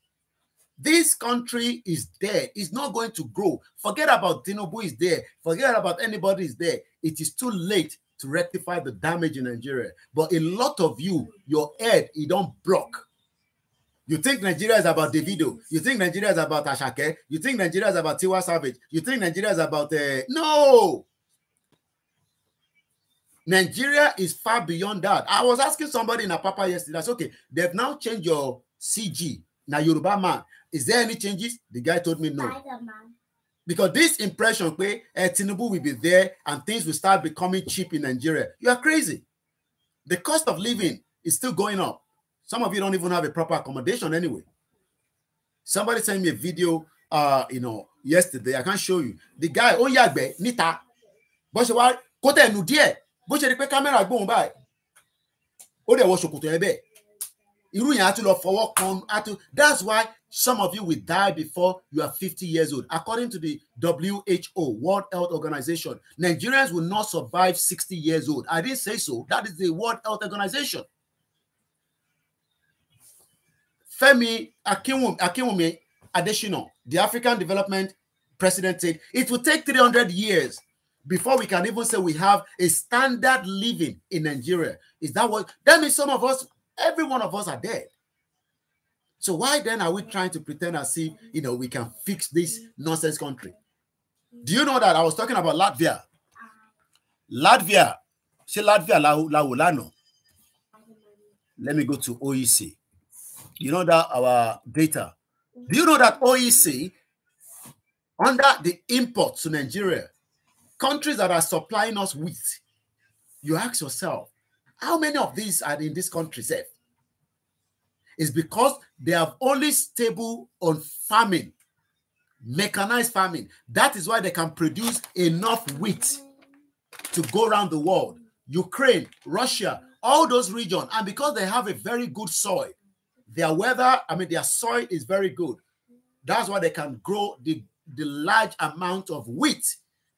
This country is dead. It's not going to grow. Forget about Tinubu is there. Forget about anybody is there. It is too late to rectify the damage in Nigeria. But a lot of you, your head, it don't block. You think Nigeria is about Davido. You think Nigeria is about Ashake. You think Nigeria is about Tiwa Savage. You think Nigeria is about... Uh, no! Nigeria is far beyond that. I was asking somebody in a papa yesterday. That's okay. They've now changed your CG. Now Yoruba man is there any changes? The guy told me no. Because this impression pé eh, Tinubu will be there and things will start becoming cheap in Nigeria. You are crazy. The cost of living is still going up. Some of you don't even have a proper accommodation anyway. Somebody sent me a video, uh, you know, yesterday. I can't show you. The guy, yeah be níta. Bó ṣe wá kó tẹ̀ nù díẹ̀. Bó ṣe rí pé kámẹ́rà gbóhùn báyìí. Ó dẹ̀ wọ ṣòkòtò ẹ̀ bẹ́ẹ̀. Irú á That's why some of you will die before you are 50 years old. According to the WHO, World Health Organization, Nigerians will not survive 60 years old. I didn't say so. That is the World Health Organization. Femi Akinwumi additional. the African Development President, said it will take 300 years before we can even say we have a standard living in Nigeria. Is that what? That means some of us, every one of us, are dead. So why then are we trying to pretend as if you know we can fix this nonsense country? Do you know that I was talking about Latvia? Latvia, see Latvia la Laulano. Let me go to OEC. You know that our data. Do you know that OEC under the import to Nigeria, countries that are supplying us wheat. you ask yourself, how many of these are in this country safe? is because they have only stable on farming, mechanized farming. That is why they can produce enough wheat to go around the world. Ukraine, Russia, all those regions, and because they have a very good soil, their weather, I mean, their soil is very good. That's why they can grow the, the large amount of wheat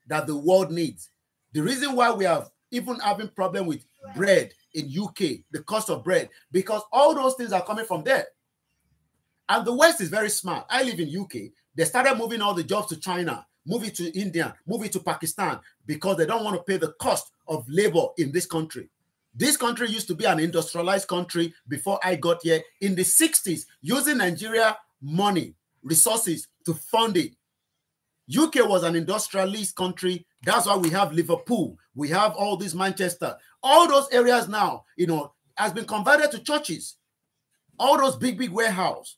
that the world needs. The reason why we have even having problem with bread in UK, the cost of bread, because all those things are coming from there. And the West is very smart. I live in UK. They started moving all the jobs to China, moving to India, moving to Pakistan, because they don't want to pay the cost of labor in this country. This country used to be an industrialized country before I got here in the 60s, using Nigeria money, resources to fund it. UK was an industrialist country. That's why we have Liverpool. We have all these Manchester. All those areas now, you know, has been converted to churches. All those big, big warehouse.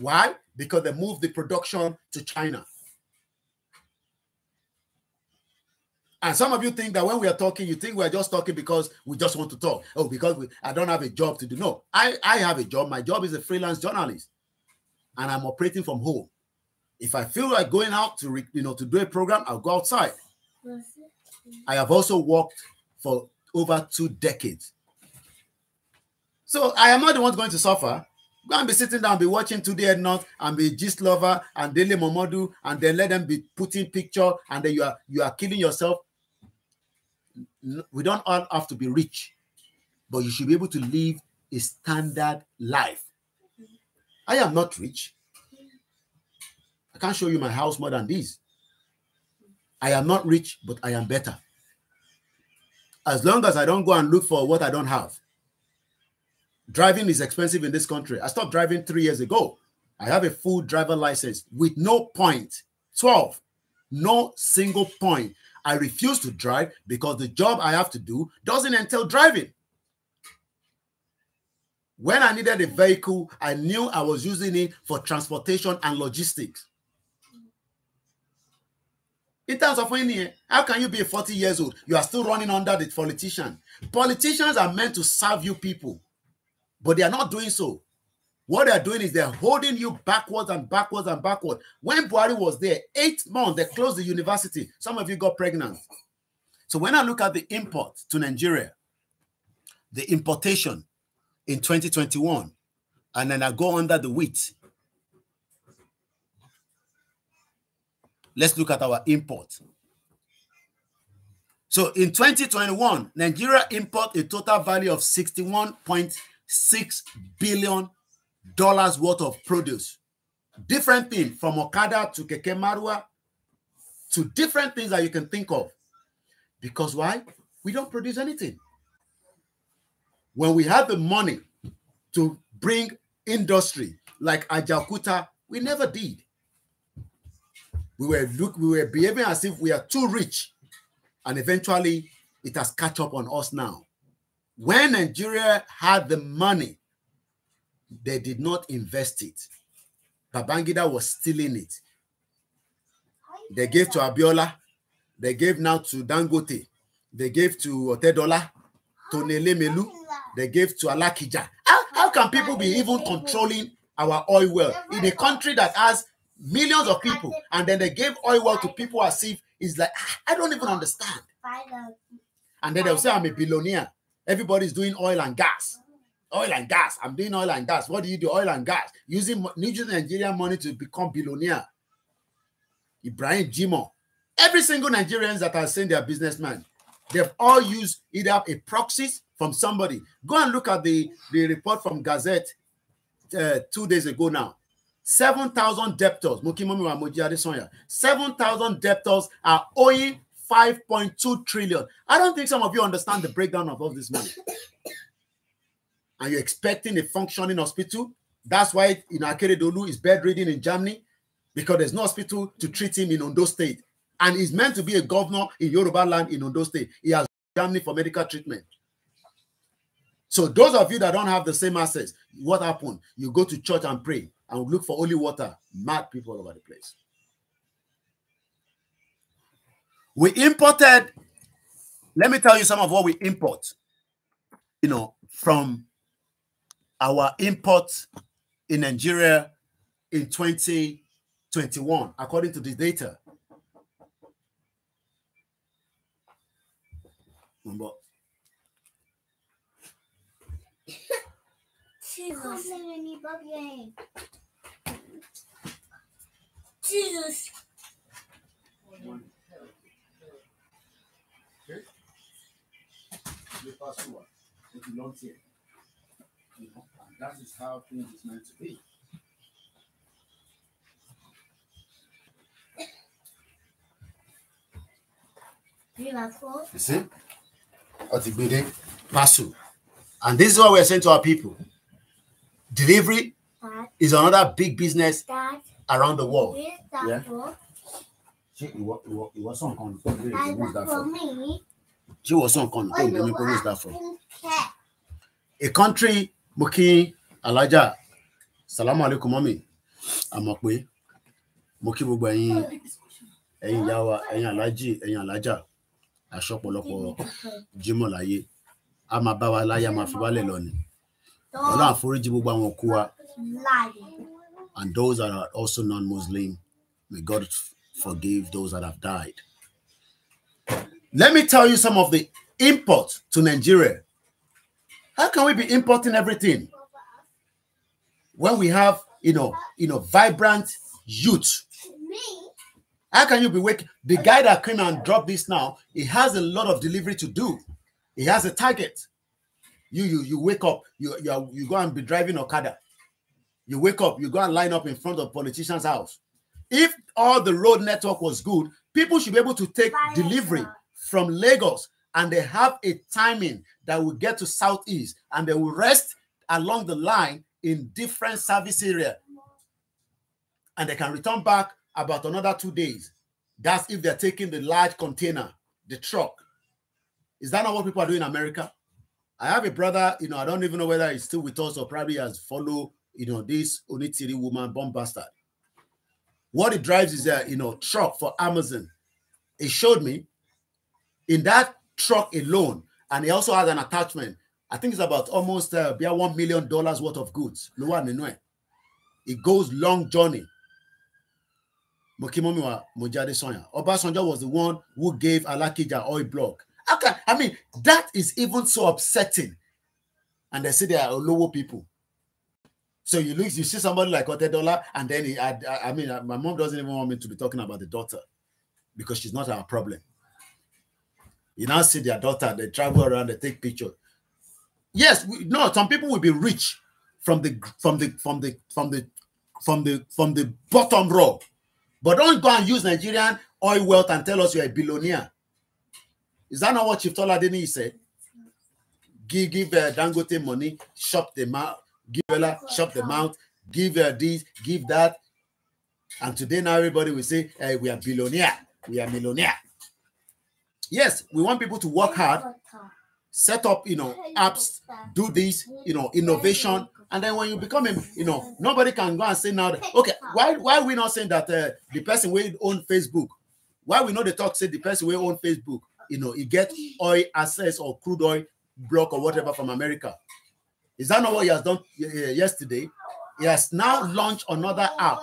Why? Because they moved the production to China. And some of you think that when we are talking, you think we are just talking because we just want to talk. Oh, because we, I don't have a job to do. No, I, I have a job. My job is a freelance journalist, and I'm operating from home. If I feel like going out to, you know, to do a program, I'll go outside. I have also worked for over two decades. So I am not the one going to suffer. Go and be sitting down, be watching Today and Not, and be Gist Lover and Daily Momodu, and then let them be putting picture, and then you are you are killing yourself. We don't all have to be rich, but you should be able to live a standard life. I am not rich. I can't show you my house more than this. I am not rich, but I am better. As long as I don't go and look for what I don't have. Driving is expensive in this country. I stopped driving three years ago. I have a full driver license with no point. 12. No single point. I refuse to drive because the job I have to do doesn't entail driving. When I needed a vehicle, I knew I was using it for transportation and logistics in terms of money, how can you be 40 years old you are still running under the politician politicians are meant to serve you people but they are not doing so what they're doing is they're holding you backwards and backwards and backwards when Buari was there eight months they closed the university some of you got pregnant so when i look at the import to nigeria the importation in 2021 and then i go under the wheat Let's look at our import. So in 2021, Nigeria import a total value of 61.6 billion dollars worth of produce. Different thing from Okada to Keke Marua to different things that you can think of. Because why? We don't produce anything. When we have the money to bring industry like Ajakuta, we never did. We were look, we were behaving as if we are too rich, and eventually it has caught up on us now. When Nigeria had the money, they did not invest it. Babangida was stealing it. They gave to Abiola. They gave now to Dangote. They gave to Otedola, to Nelemelu. They gave to Alakija. How, how can people be even controlling our oil well in a country that has millions of people, and then they gave oil well to people as if it's like, ah, I don't even understand. And then they'll say, I'm a billionaire. Everybody's doing oil and gas. Oil and gas. I'm doing oil and gas. What do you do? Oil and gas. Using Nigerian Nigerian money to become billionaire. Ibrahim Jimo. Every single Nigerians that are saying they're businessmen, they've all used either a proxy from somebody. Go and look at the, the report from Gazette uh, two days ago now. seven thousand debtors mo kí mọ́mí wa Mojí seven thousand debtors are owing five point two trillion I don't think some of you understand the breakdown of all this money and you expecting a functioning hospital that's why you know Akeredolu is bedridden in Germany because there's no hospital to treat him in Ondo State and he's meant to be a governor in Yoruba land in Ondo State he has Germany for medical treatment so those of you that don't have the same assets, what happened you go to church and pray and would look for holy water, mad people all over the place. We imported, let me tell you some of what we import, you know, from our import in Nigeria in 2021, according to the data. Remember? Jesus. Jesus. Okay? You pass over. It belongs here. You know, and that is how things is meant to be. You see? Or the building, pass And this is what we're saying to our people. Delivery Dad, is another big business Dad, around the world. Yeah. Ṣé ìwọ ìwọ ìwọ sàn kan ní for? Ṣé A country mo kí Alájà Salamu alaikum mọ́mì àmọ̀ pé mo kí gbogbo ẹ̀yin ẹ̀yin ìyá wa ẹ̀yin alájì ẹ̀yin alájà a máa bá wa láyé a máa fi wálẹ̀ lọ ni. Ọlọ́run And those that are also non-Muslim, may God forgive those that have died. Let me tell you some of the import to Nigeria. How can we be importing everything when we have, you know, you know, vibrant youth? How can you be waiting? The guy that came and dropped this now, he has a lot of delivery to do. He has a target. You you you wake up, you you, are, you go and be driving Okada. You wake up, you go and line up in front of politician's house. If all the road network was good, people should be able to take delivery from Lagos and they have a timing that will get to southeast and they will rest along the line in different service area and they can return back about another two days that's if they're taking the large container the truck is that not what people are doing in america I have a brother, you know, I don't even know whether he's still with us or probably has followed, you know, this Onitiri woman, bomb bastard. What he drives is a, uh, you know, truck for Amazon. He showed me in that truck alone, and he also has an attachment. I think it's about almost uh, one million dollars worth of goods. It goes long journey. Mokimomiwa Mojade Sonya. Obasanjo was the one who gave Alakija oil block How can I mean that is even so upsetting? And they say they are low people. So you look, you see somebody like Otedola, and then he, I, I mean, my mom doesn't even want me to be talking about the daughter because she's not our problem. You now see their daughter, they travel around, they take pictures. Yes, we, no, some people will be rich from the from the from the from the from the from the bottom row. But don't go and use Nigerian oil wealth and tell us you're a billionaire. Is that not what Chief Toladini said? Give give uh, Dangote money, shop the mouth, give her, shop the mouth, give her uh, this, give that. And today now everybody will say, hey, we are billionaire, we are millionaire. Yes, we want people to work hard, set up, you know, apps, do this, you know, innovation, and then when you become a, you know, nobody can go and say now, that, okay, why why are we not saying that uh, the person we own Facebook? Why we know the talk say the person we own Facebook? you know, he gets oil access or crude oil block or whatever from America. Is that not what he has done yesterday? He has now launched another app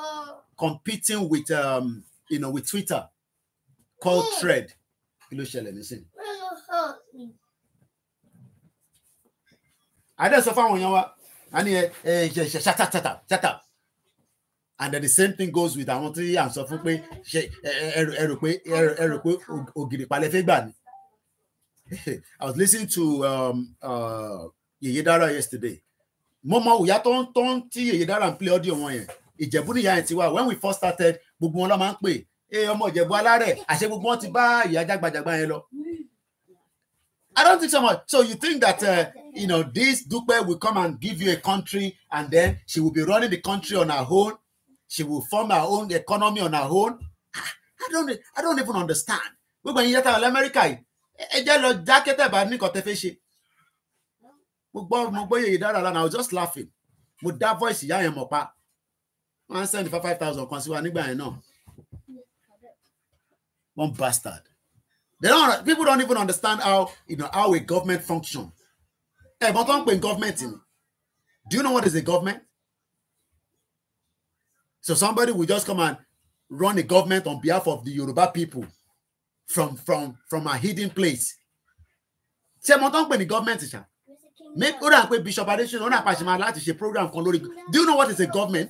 competing with um, you know, with Twitter called hmm. Thread. I don't suffer when you are. I need shut up, shut up, shut up and then the same thing goes with àwọn tí à ń sọ fún pé ṣe ẹ rò pé ẹ rò pé ògiri palẹ fẹ gbà ni [LAUGHS] i was listening to um, uh, Yèyé Dára yesterday mo mọ òyà tó ń tó ń tí Yèyé Dára ń play audio wọn yẹn Ìjẹ̀bú nìyá yẹn ti wá when we first started gbogbo wọn lọ máa ń pè é ọmọ Ìjẹ̀bú alárẹ̀ àṣẹ gbogbo wọn ti bá ìyá jágbajàgba yẹn lọ. I don't think so much. So you think that uh, you know this Dupe will come and give you a country, and then she will be running the country on her own, she will form her own economy on her own ah, i don't i don't even understand gbogbo ẹ̀yin yẹta ọ̀lẹ́ amẹ́ríkà yìí ẹ jẹ́ lọ jákẹ́tẹ̀ bá nìkan tẹ́ fẹ́ ṣe mo gbọ́ mo gbọ́ yèyé dára lánàá i was just laughing mo dá voice ìyá yẹn mọ̀ pa wọ́n á send five thousand kan sí wa nígbà yẹn náà one bastard they don't people don't even understand how you know how a government function ẹ̀gbọ́n tó ń pè government ni do you know what is a government So somebody will just come and run a government on behalf of the Yoruba people from from from a hidden place. Ṣé mo tán pè ní government, ṣá? Make ó dà pé Bishop Adesina ó nà pàṣẹmà láti ṣe program kan lórí. Do you know what is a government?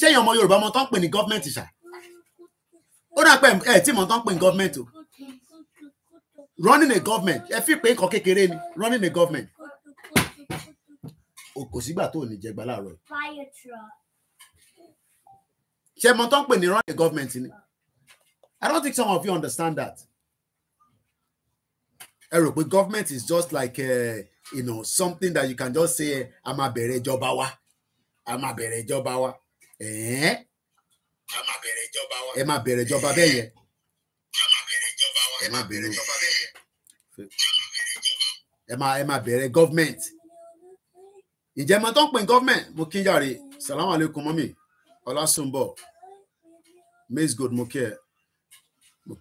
Ṣé èèyàn ọmọ Yoruba. mo tán pè ní government, ṣá? Ó dà pé ẹ̀ tí mo tán pè ní government o. Running a government ẹ fi pé nǹkan kékeré ni running a government. O kò sígbà tó ò ní jẹ gbà láàárọ̀. Fire truck ṣe mọ tó ń pè ní run the government ni I don't think some of you understand that ẹ rò pé government is just like uh, you know, something that you can just say eh, a máa bẹ̀rẹ̀ ìjọba wa a máa bẹ̀rẹ̀ ìjọba wa ẹ̀ẹ́n a máa bẹ̀rẹ̀ ìjọba wa ẹ máa bẹ̀rẹ̀ ìjọba bẹ́ẹ̀ yẹn a máa bẹ̀rẹ̀ ìjọba wa ẹ máa bẹ̀rẹ̀ ìjọba bẹ́ẹ̀ yẹn ẹ máa bẹ̀rẹ̀ government ìjẹ́mọ̀ tó government mo kí yàrá salamu alaykum mọ́mì ọlásùnbọ̀ maize gold mo kí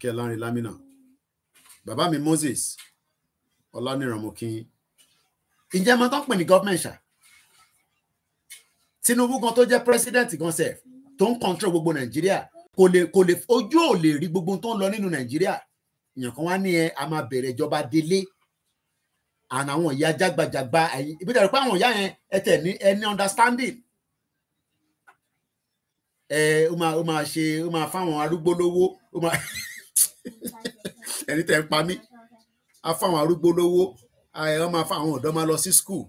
ẹ lamina. Baba ẹ mi moses ọlánìràn mo kí ǹjẹ́ mo tán pè ní gọ́ọ̀mẹ̀ntì ṣá tinubu gan tó jẹ́ president gan sef tó ń control gbogbo nàìjíríà kò lè kò lè ojú ò lè rí gbogbo tó ń lọ nínú nàìjíríà èèyàn kan wá ní ẹ a máa bẹ̀rẹ̀ ìjọba délé àwọn ìyá jágbajàgba ẹ̀yìn ìbí dàrú pé àwọn ìyá yẹn ẹ tẹ̀ ní ẹ ní understanding ó máa ó máa ṣe ó máa fáwọn arúgbó lówó ó máa [LAUGHS] ẹni tẹ́ ń pa mí á fáwọn arúgbó lówó ó máa fáwọn ọ̀dọ́ máa lọ sí school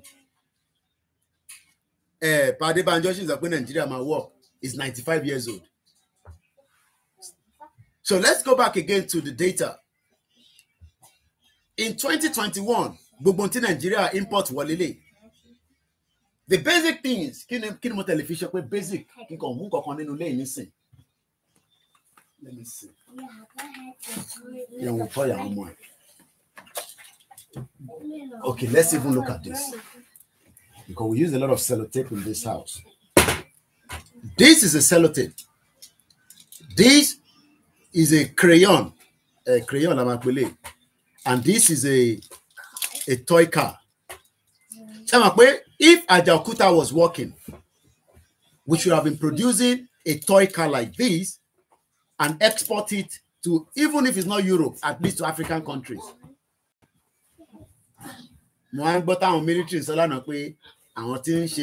pàdé banjọ sì sọ pé Nàìjíríà máa work is ninety five years old so let's go back again to the data in twenty twenty one gbogbo tí Nàìjíríà import wọlé lè the basic things kí ni kí ni mo tẹ̀lé fi ṣe pé basic kí n kàn mú kankan nínú ilé yìí nísìn let me see yẹ̀wò tọ́ yàrá mọ́ ẹ okay let's even look at this because we use a lot of sellotape in this house this is a sellotape this is a crayon a crayon la ma pe and this is a a toy car ṣé wàá pé. If Ajaokuta was working, we should have been producing a toy car like this and export it to, even if it's not Europe, at least to African countries. mo á ń gbọ́ táwọn military sọ lánàá pé àwọn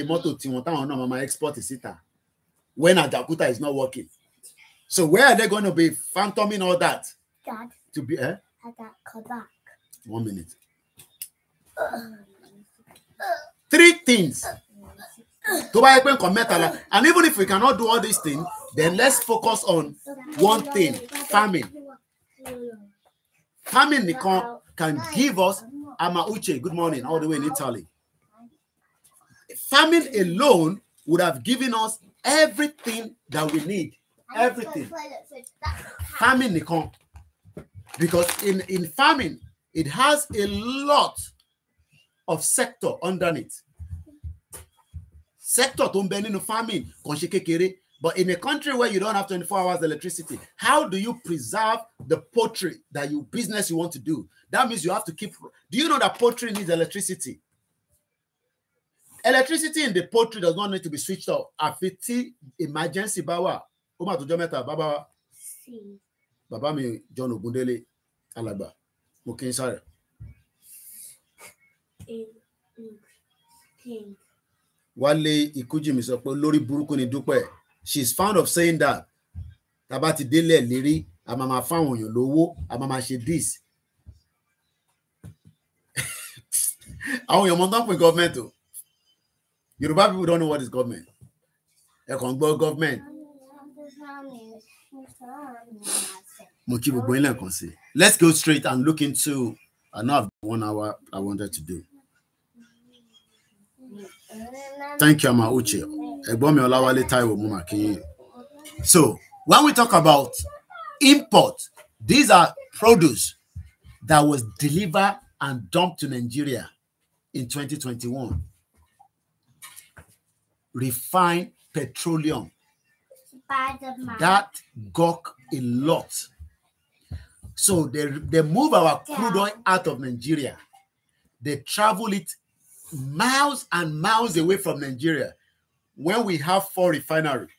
mọ́tò tiwọn táwọn náà mama export síta when Ajaokuta is not working so where are they going to be phantoming all that. Dad to be eh? I got Quebec. one minute. Uh three things tó buy and even if we cannot do all these things then let's focus on one thing farming farming Nikon can give us amauche good morning all the way in Italy farming alone would have given us everything that we need everything farming Nikon, because in in farming it has a lot of sector underneath sector tó ń bẹ nínú farming kò but in a country where you don't have 24 hours electricity how do you preserve the poultry that you business you want to do that means you have to keep do you know that poultry needs electricity electricity in the poultry does not need to be switched off àfi emergency bá wà ó mà tó jọ mẹ́ta bàbá wa to baba baba mi John Ogundele alàgbà mo kì Wálé Ikújìmí sọ pé lórí burúkú ni Dúpẹ́ she is fond of saying that tá a bá ti délẹ̀ lérí a máa máa fáwọn èèyàn lówó a máa máa ṣe this àwọn èèyàn mọ tán pín government o Yorùbá people don't know what is government ẹ kàn ń government. mo kí gbogbo yín lẹ́ẹ̀kan sí let's go straight and look into another one hour i wanted to do. Thank you, Ama Uche. Olawale Taiwo So, when we talk about import, these are produce that was delivered and dumped to Nigeria in 2021. Refined petroleum. That gawk a lot. So they, they move our crude oil out of Nigeria. They travel it miles and miles away from Nigeria when we have four refineries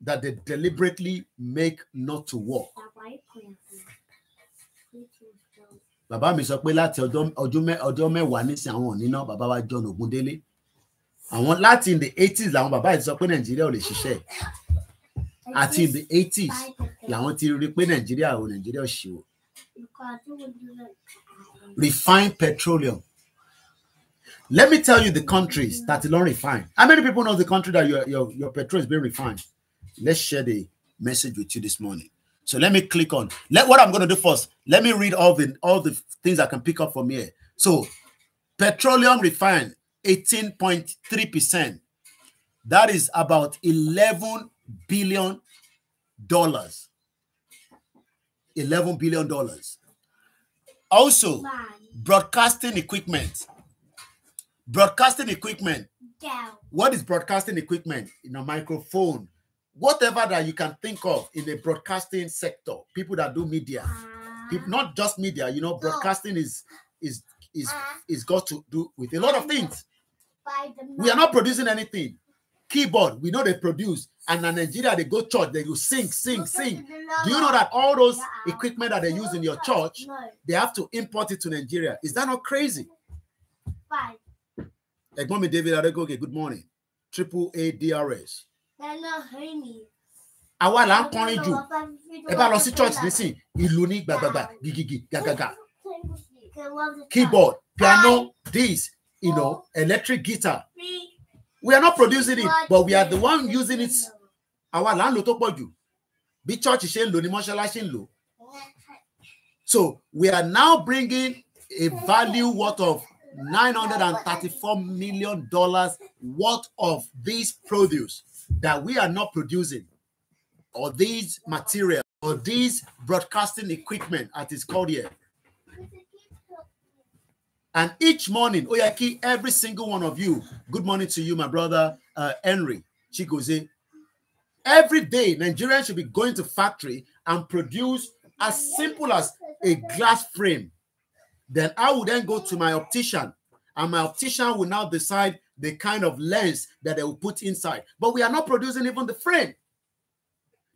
that they deliberately make not to work. Bàbá mi sọ pé láti ọjọ́ mẹ́wàá nísìn àwọn òní náà bàbá wa John Ogundele. Àwọn láti in the eighties làwọn bàbá yìí sọ pé Nàìjíríà ò lè ṣiṣẹ́. Àti in the eighties làwọn ti rí pé Nàìjíríà ò Nàìjíríà ò ṣe o. Refined petroleum Let me tell you the countries that Elon refined. How many people know the country that your, your, your petrol is being refined? Let's share the message with you this morning. So let me click on let what I'm gonna do first. Let me read all the all the things I can pick up from here. So petroleum refined 18.3%. That is about 11 billion dollars. 11 billion dollars. Also, broadcasting equipment Broadcasting equipment. Yeah. What is broadcasting equipment? You know, microphone, whatever that you can think of in the broadcasting sector. People that do media, uh, not just media. You know, oh. broadcasting is is is uh, is got to do with a lot of things. We are not producing anything. Keyboard, we know they produce, and in Nigeria they go church, they will sing, sing, sing. Do you know that all those equipment that they use in your church, they have to import it to Nigeria? Is that not crazy? ẹ̀gbọ́n mi David Adegoke good morning triple A DRS. àwa là ń kọrin jù ẹ bá lọ sí church nísìn ìlú ní gbàgbàgbà gigigi gàgàgà keyboard piano this you know electric guitar we are not producing it but we are the one using it àwa là ń lò tó pọ̀ jù bí church ṣe ń lò ní mọ́ṣáláṣí ń lò so we are now bringing a value worth of $934 million worth of these produce that we are not producing, or these materials, or these broadcasting equipment, at it's called here. And each morning, Oyaki, every single one of you, good morning to you, my brother uh, Henry Chigoze. Every day, Nigerians should be going to factory and produce as simple as a glass frame then I will then go to my optician, and my optician will now decide the kind of lens that they will put inside. But we are not producing even the frame.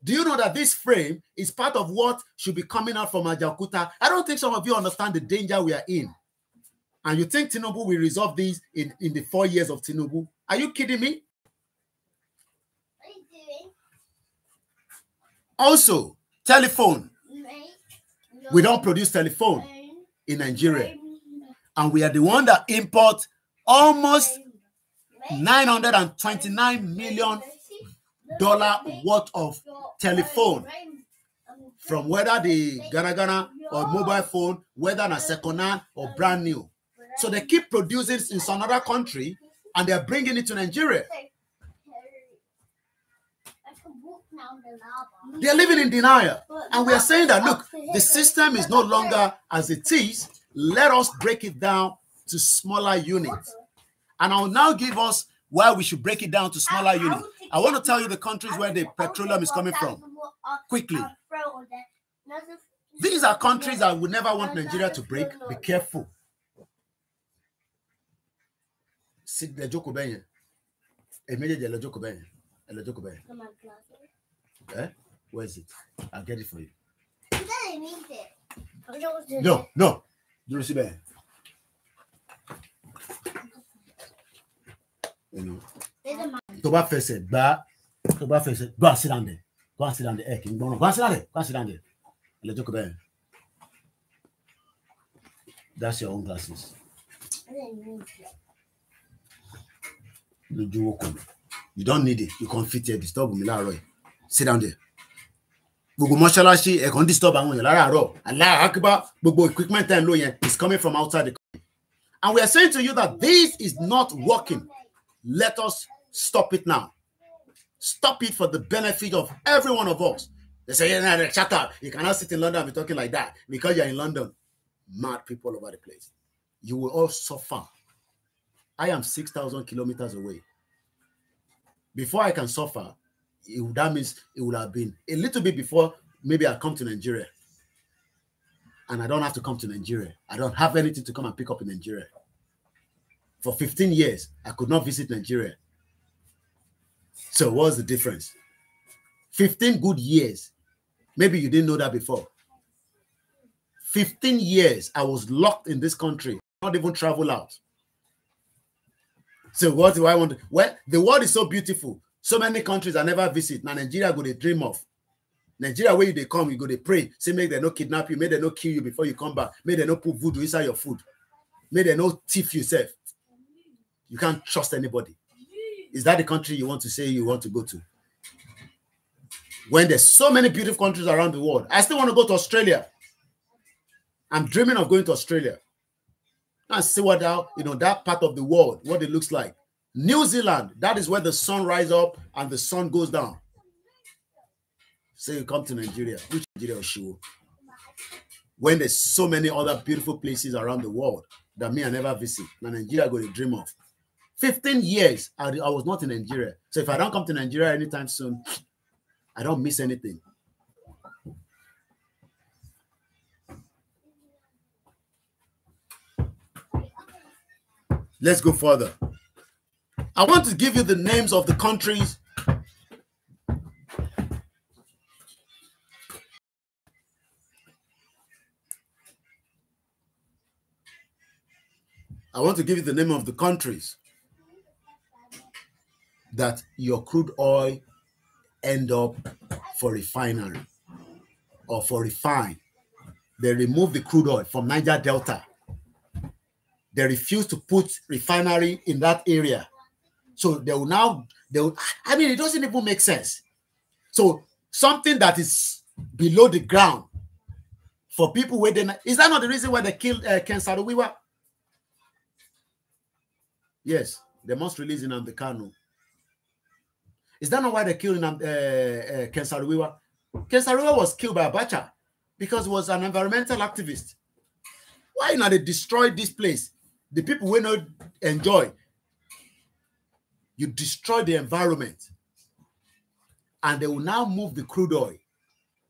Do you know that this frame is part of what should be coming out from Ajakuta? I don't think some of you understand the danger we are in. And you think Tinubu will resolve these in, in the four years of Tinubu? Are you kidding me? Also, telephone. We don't produce telephone. in Nigeria. And we are the one that import almost 929 million dollar worth of telephone from whether the Ghana Ghana or mobile phone, whether in a second hand or brand new. So they keep producing in some other country and they're bringing it to Nigeria. They're living in denial. And we are saying that, look, the system is no longer as it is. Let us break it down to smaller units. And I'll now give us why we should break it down to smaller units. I want to tell you the countries where the petroleum is coming from. Quickly. These are countries I would never want Nigeria to break. Be careful. Eh? Where is it? I'll get it for you. No, no. see You know. ba. Dúró síbẹ̀. Tó bá fẹsẹ̀ gbá tó bá fẹsẹ̀ sit down there. sílàndẹ̀ Go eh, kì í there. Go sílàndẹ̀ gbá there. Let's jókòó there. That's your own glasses. Lójú wo kò. You don't need it. You can fit here. Disturb mi láàárọ̀ right sit down there gbogbo mọ́ṣáláṣí ẹ̀kan disturb àwọn èèyàn láràárọ̀ aláàkíbá gbogbo equipment time ló yẹn is coming from outside the country and we are saying to you that this is not working let us stop it now stop it for the benefit of every one of us they say yeah, nah, shut up you cannot sit in London and be talking like that because you are in London mad people over the place you will all suffer I am six thousand kilometers away before I can suffer it, that means it would have been a little bit before maybe I come to Nigeria. And I don't have to come to Nigeria. I don't have anything to come and pick up in Nigeria. For 15 years, I could not visit Nigeria. So what's the difference? 15 good years. Maybe you didn't know that before. 15 years, I was locked in this country, not even travel out. So what do I want? well, the world is so beautiful. So many countries I never visit. Now Nigeria go they dream of. Nigeria, where they come, you go they pray. Say, make they no kidnap you, make they no kill you before you come back, May they no put voodoo inside your food, May they no thief yourself. You can't trust anybody. Is that the country you want to say you want to go to? When there's so many beautiful countries around the world, I still want to go to Australia. I'm dreaming of going to Australia and see what that you know that part of the world, what it looks like. New Zealand, that is where the sun rises up and the sun goes down. Say so you come to Nigeria, which Nigeria show? When there's so many other beautiful places around the world that me I never visit, that Nigeria going to dream of. 15 years, I, I was not in Nigeria. So if I don't come to Nigeria anytime soon, I don't miss anything. Let's go further. I want to give you the names of the countries I want to give you the name of the countries that your crude oil end up for refinery or for refine. They remove the crude oil from Niger Delta. They refuse to put refinery in that area so they will now they will, I mean it doesn't even make sense. So something that is below the ground for people where they is that not the reason why they killed uh, Ken Saruwiwa? Yes, they must release him the Kanu. Is that not why they killed Inam, uh, uh, Ken Saruwiwa? Ken was killed by Abacha because he was an environmental activist. Why not they destroy this place? The people will not enjoy you destroy the environment. And they will now move the crude oil.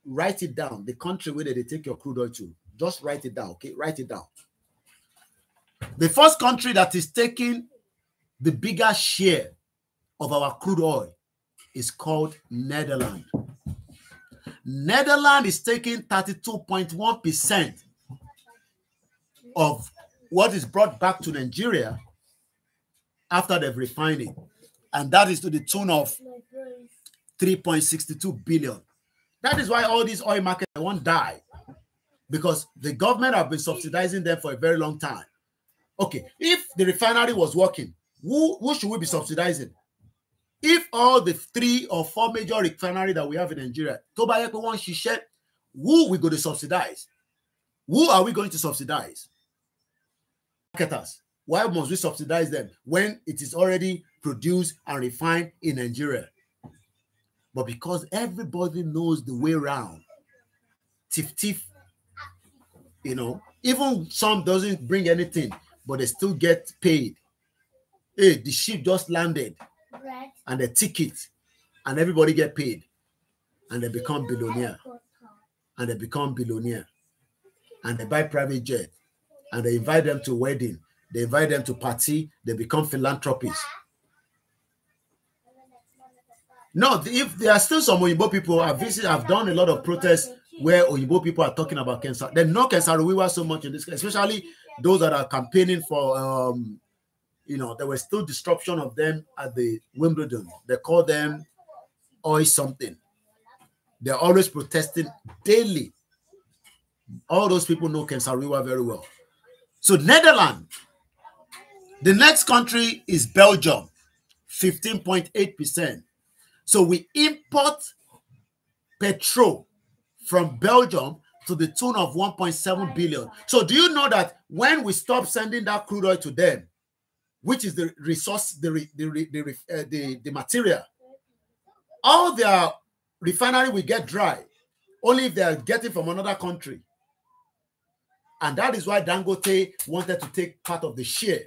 Write it down. The country where they take your crude oil to. Just write it down, okay? Write it down. The first country that is taking the bigger share of our crude oil is called Netherlands. Netherlands is taking 32.1% of what is brought back to Nigeria after they've refined it and that is to the tune of 3.62 billion. That is why all these oil markets won't die because the government have been subsidizing them for a very long time. Okay, if the refinery was working, who, who should we be subsidizing? If all the three or four major refineries that we have in Nigeria, Tobayeko one Shishet, who we going to subsidize? Who are we going to subsidize? Marketers. Why must we subsidize them when it is already Produce and refine in Nigeria. But because everybody knows the way around, tiff tiff, you know, even some doesn't bring anything, but they still get paid. Hey, the ship just landed, and the ticket, and everybody get paid, and they become billionaire, and they become billionaire, and they buy private jet, and they invite them to wedding, they invite them to party, they become philanthropists. No, if there are still some Oyibo people who have visited, have done a lot of protests where Oyibo people are talking about cancer. They know cancer we were so much in this, especially those that are campaigning for, um, you know, there was still disruption of them at the Wimbledon. They call them or something. They're always protesting daily. All those people know Kensariwa very well. So Netherlands, the next country is Belgium, 15.8%. So we import petrol from Belgium to the tune of 1.7 billion. So do you know that when we stop sending that crude oil to them, which is the resource, the the the, uh, the, the material, all their refinery will get dry, only if they are getting from another country. And that is why Dangote wanted to take part of the share.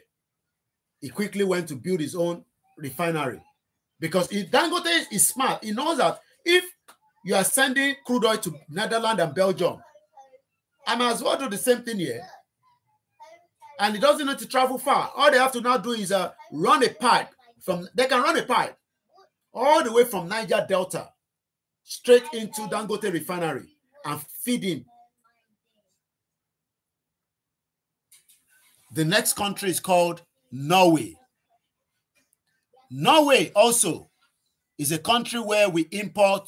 He quickly went to build his own refinery Because if Dangote is smart, he knows that if you are sending crude oil to Netherlands and Belgium, I might as well do the same thing here. And it doesn't need to travel far. All they have to now do is uh, run a pipe from they can run a pipe all the way from Niger Delta straight into Dangote refinery and feed in. The next country is called Norway. Norway also is a country where we import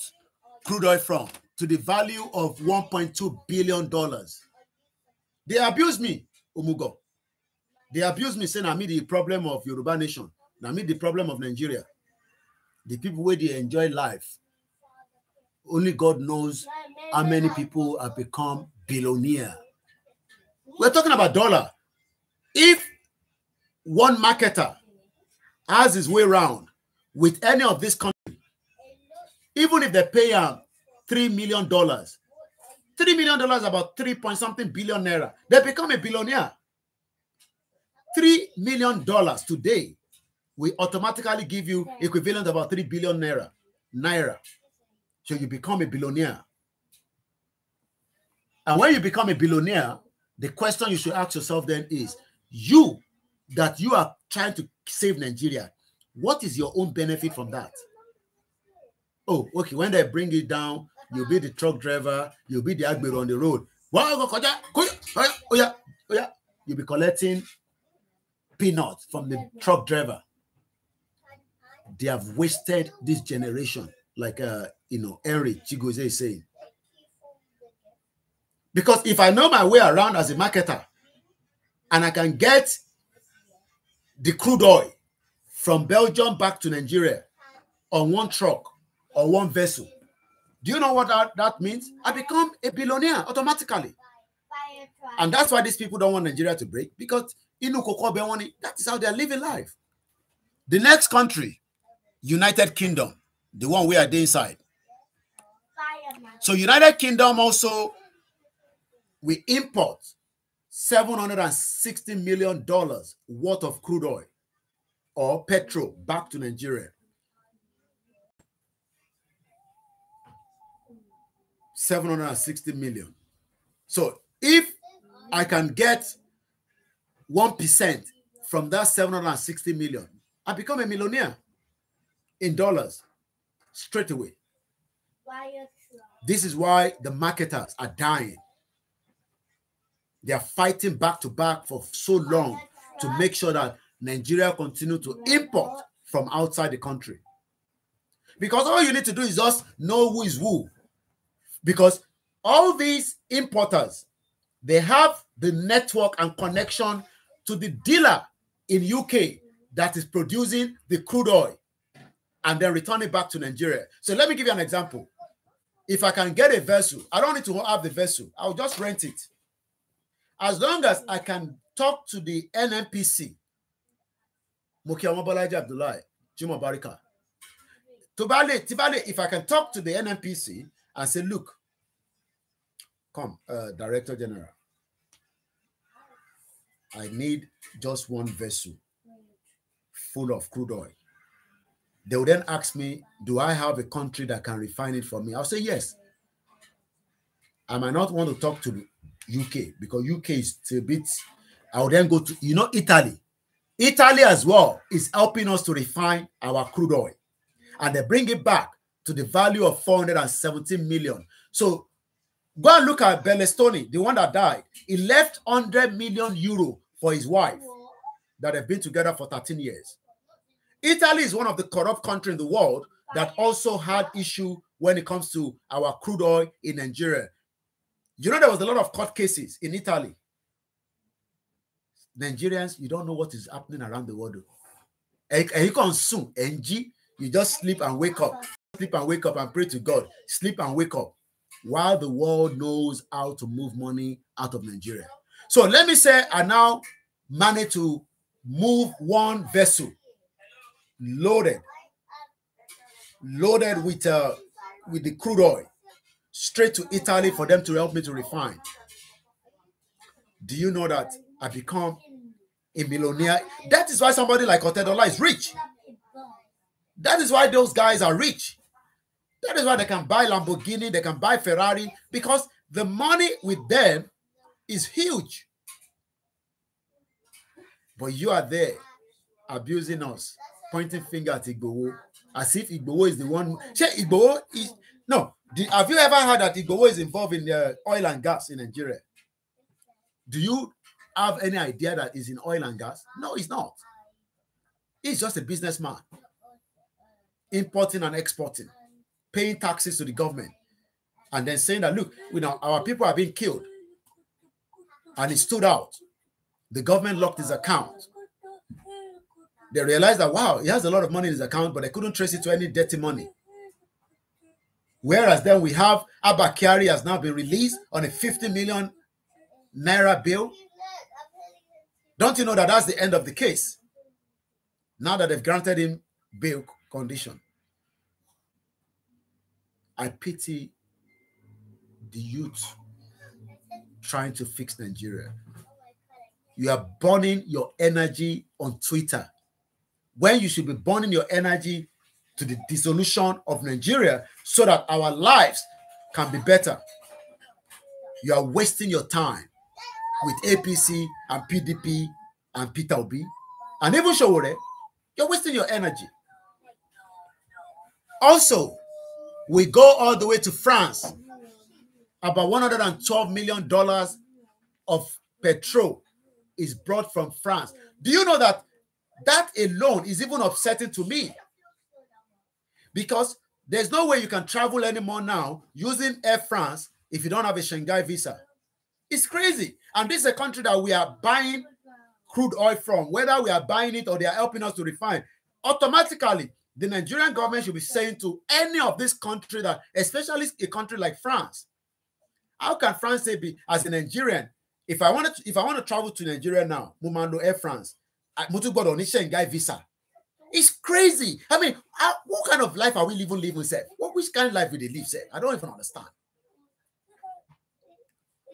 crude oil from to the value of $1.2 billion. They abuse me, Umugo. They abuse me saying I'm the problem of Yoruba nation. I'm the problem of Nigeria. The people where they enjoy life. Only God knows how many people have become billionaire. We're talking about dollar. If one marketer has his way round with any of this country, even if they pay him $3 million, $3 million about 3 point something billion naira, they become a billionaire. $3 million today we automatically give you equivalent about 3 billion naira. Naira. So you become a billionaire. And when you become a billionaire, the question you should ask yourself then is you that you are trying to save Nigeria. What is your own benefit from that? Oh, okay. When they bring it down, you'll be the truck driver, you'll be the admiral on the road. You'll be collecting peanuts from the truck driver. They have wasted this generation, like uh, you know, Eric Chigoze is saying. Because if I know my way around as a marketer and I can get the crude oil from Belgium back to Nigeria on one truck or one vessel. Do you know what that, that means? I become a billionaire automatically. And that's why these people don't want Nigeria to break because that is how they are living life. The next country, United Kingdom, the one we are inside. So United Kingdom also, we import $760 million worth of crude oil or petrol back to Nigeria. Seven hundred and sixty million. So if I can get one percent from that seven hundred and sixty million, I become a millionaire in dollars straight away. This is why the marketers are dying. They are fighting back to back for so long to make sure that Nigeria continue to import from outside the country. Because all you need to do is just know who is who. Because all these importers, they have the network and connection to the dealer in UK that is producing the crude oil and then return it back to Nigeria. So let me give you an example. If I can get a vessel, I don't need to have the vessel. I'll just rent it. As long as mm. I can talk to the NNPC, Mokiawa Balaji Abdullah, Jimo Barika, Tibale, Tibale, if I can talk to the NNPC and say, look, come, uh, Director General, I need just one vessel full of crude oil. They will then ask me, do I have a country that can refine it for me? I'll say yes. I might not want to talk to UK because UK is a bit. I will then go to you know Italy. Italy as well is helping us to refine our crude oil, and they bring it back to the value of 417 million. So go and look at Berlusconi, the one that died. He left 100 million euro for his wife that have been together for 13 years. Italy is one of the corrupt countries in the world that also had issue when it comes to our crude oil in Nigeria. You know, there was a lot of court cases in Italy. Nigerians, you don't know what is happening around the world. And you consume NG, you just sleep and wake up, sleep and wake up and pray to God, sleep and wake up while the world knows how to move money out of Nigeria. So let me say, I now managed to move one vessel loaded, loaded with uh, with the crude oil straight to Italy for them to help me to refine. Do you know that I become a millionaire? That is why somebody like Otedola is rich. That is why those guys are rich. That is why they can buy Lamborghini, they can buy Ferrari, because the money with them is huge. But you are there abusing us, pointing finger at Igbowo, as if Igbowo is the one. Igbowo is no have you ever heard that Igbo is involved in uh, oil and gas in Nigeria? Do you have any idea that he's in oil and gas? No, he's not. He's just a businessman, importing and exporting, paying taxes to the government, and then saying that, look, you know, our people are being killed. And he stood out. The government locked his account. They realized that, wow, he has a lot of money in his account, but they couldn't trace it to any dirty money. Whereas then we have Abakari has now been released on a 50 million naira bill. Don't you know that that's the end of the case? Now that they've granted him bail condition. I pity the youth trying to fix Nigeria. You are burning your energy on Twitter when you should be burning your energy to the dissolution of Nigeria so that our lives can be better. You are wasting your time with APC and PDP and Peter Obi and even Showore. You're wasting your energy. Also, we go all the way to France. About $112 million of petrol is brought from France. Do you know that that alone is even upsetting to me? Because there's no way you can travel anymore now using Air France if you don't have a Shanghai visa. It's crazy. And this is a country that we are buying crude oil from, whether we are buying it or they are helping us to refine. Automatically, the Nigerian government should be saying to any of this country that, especially a country like France, how can France say, be, as a Nigerian, if I wanted, to, if I want to travel to Nigeria now, Mumando Air France, I Mutugodo Shanghai visa. It's crazy. I mean, I, uh, what kind of life are we living, living, Said, What which kind of life we they live, self? I don't even understand.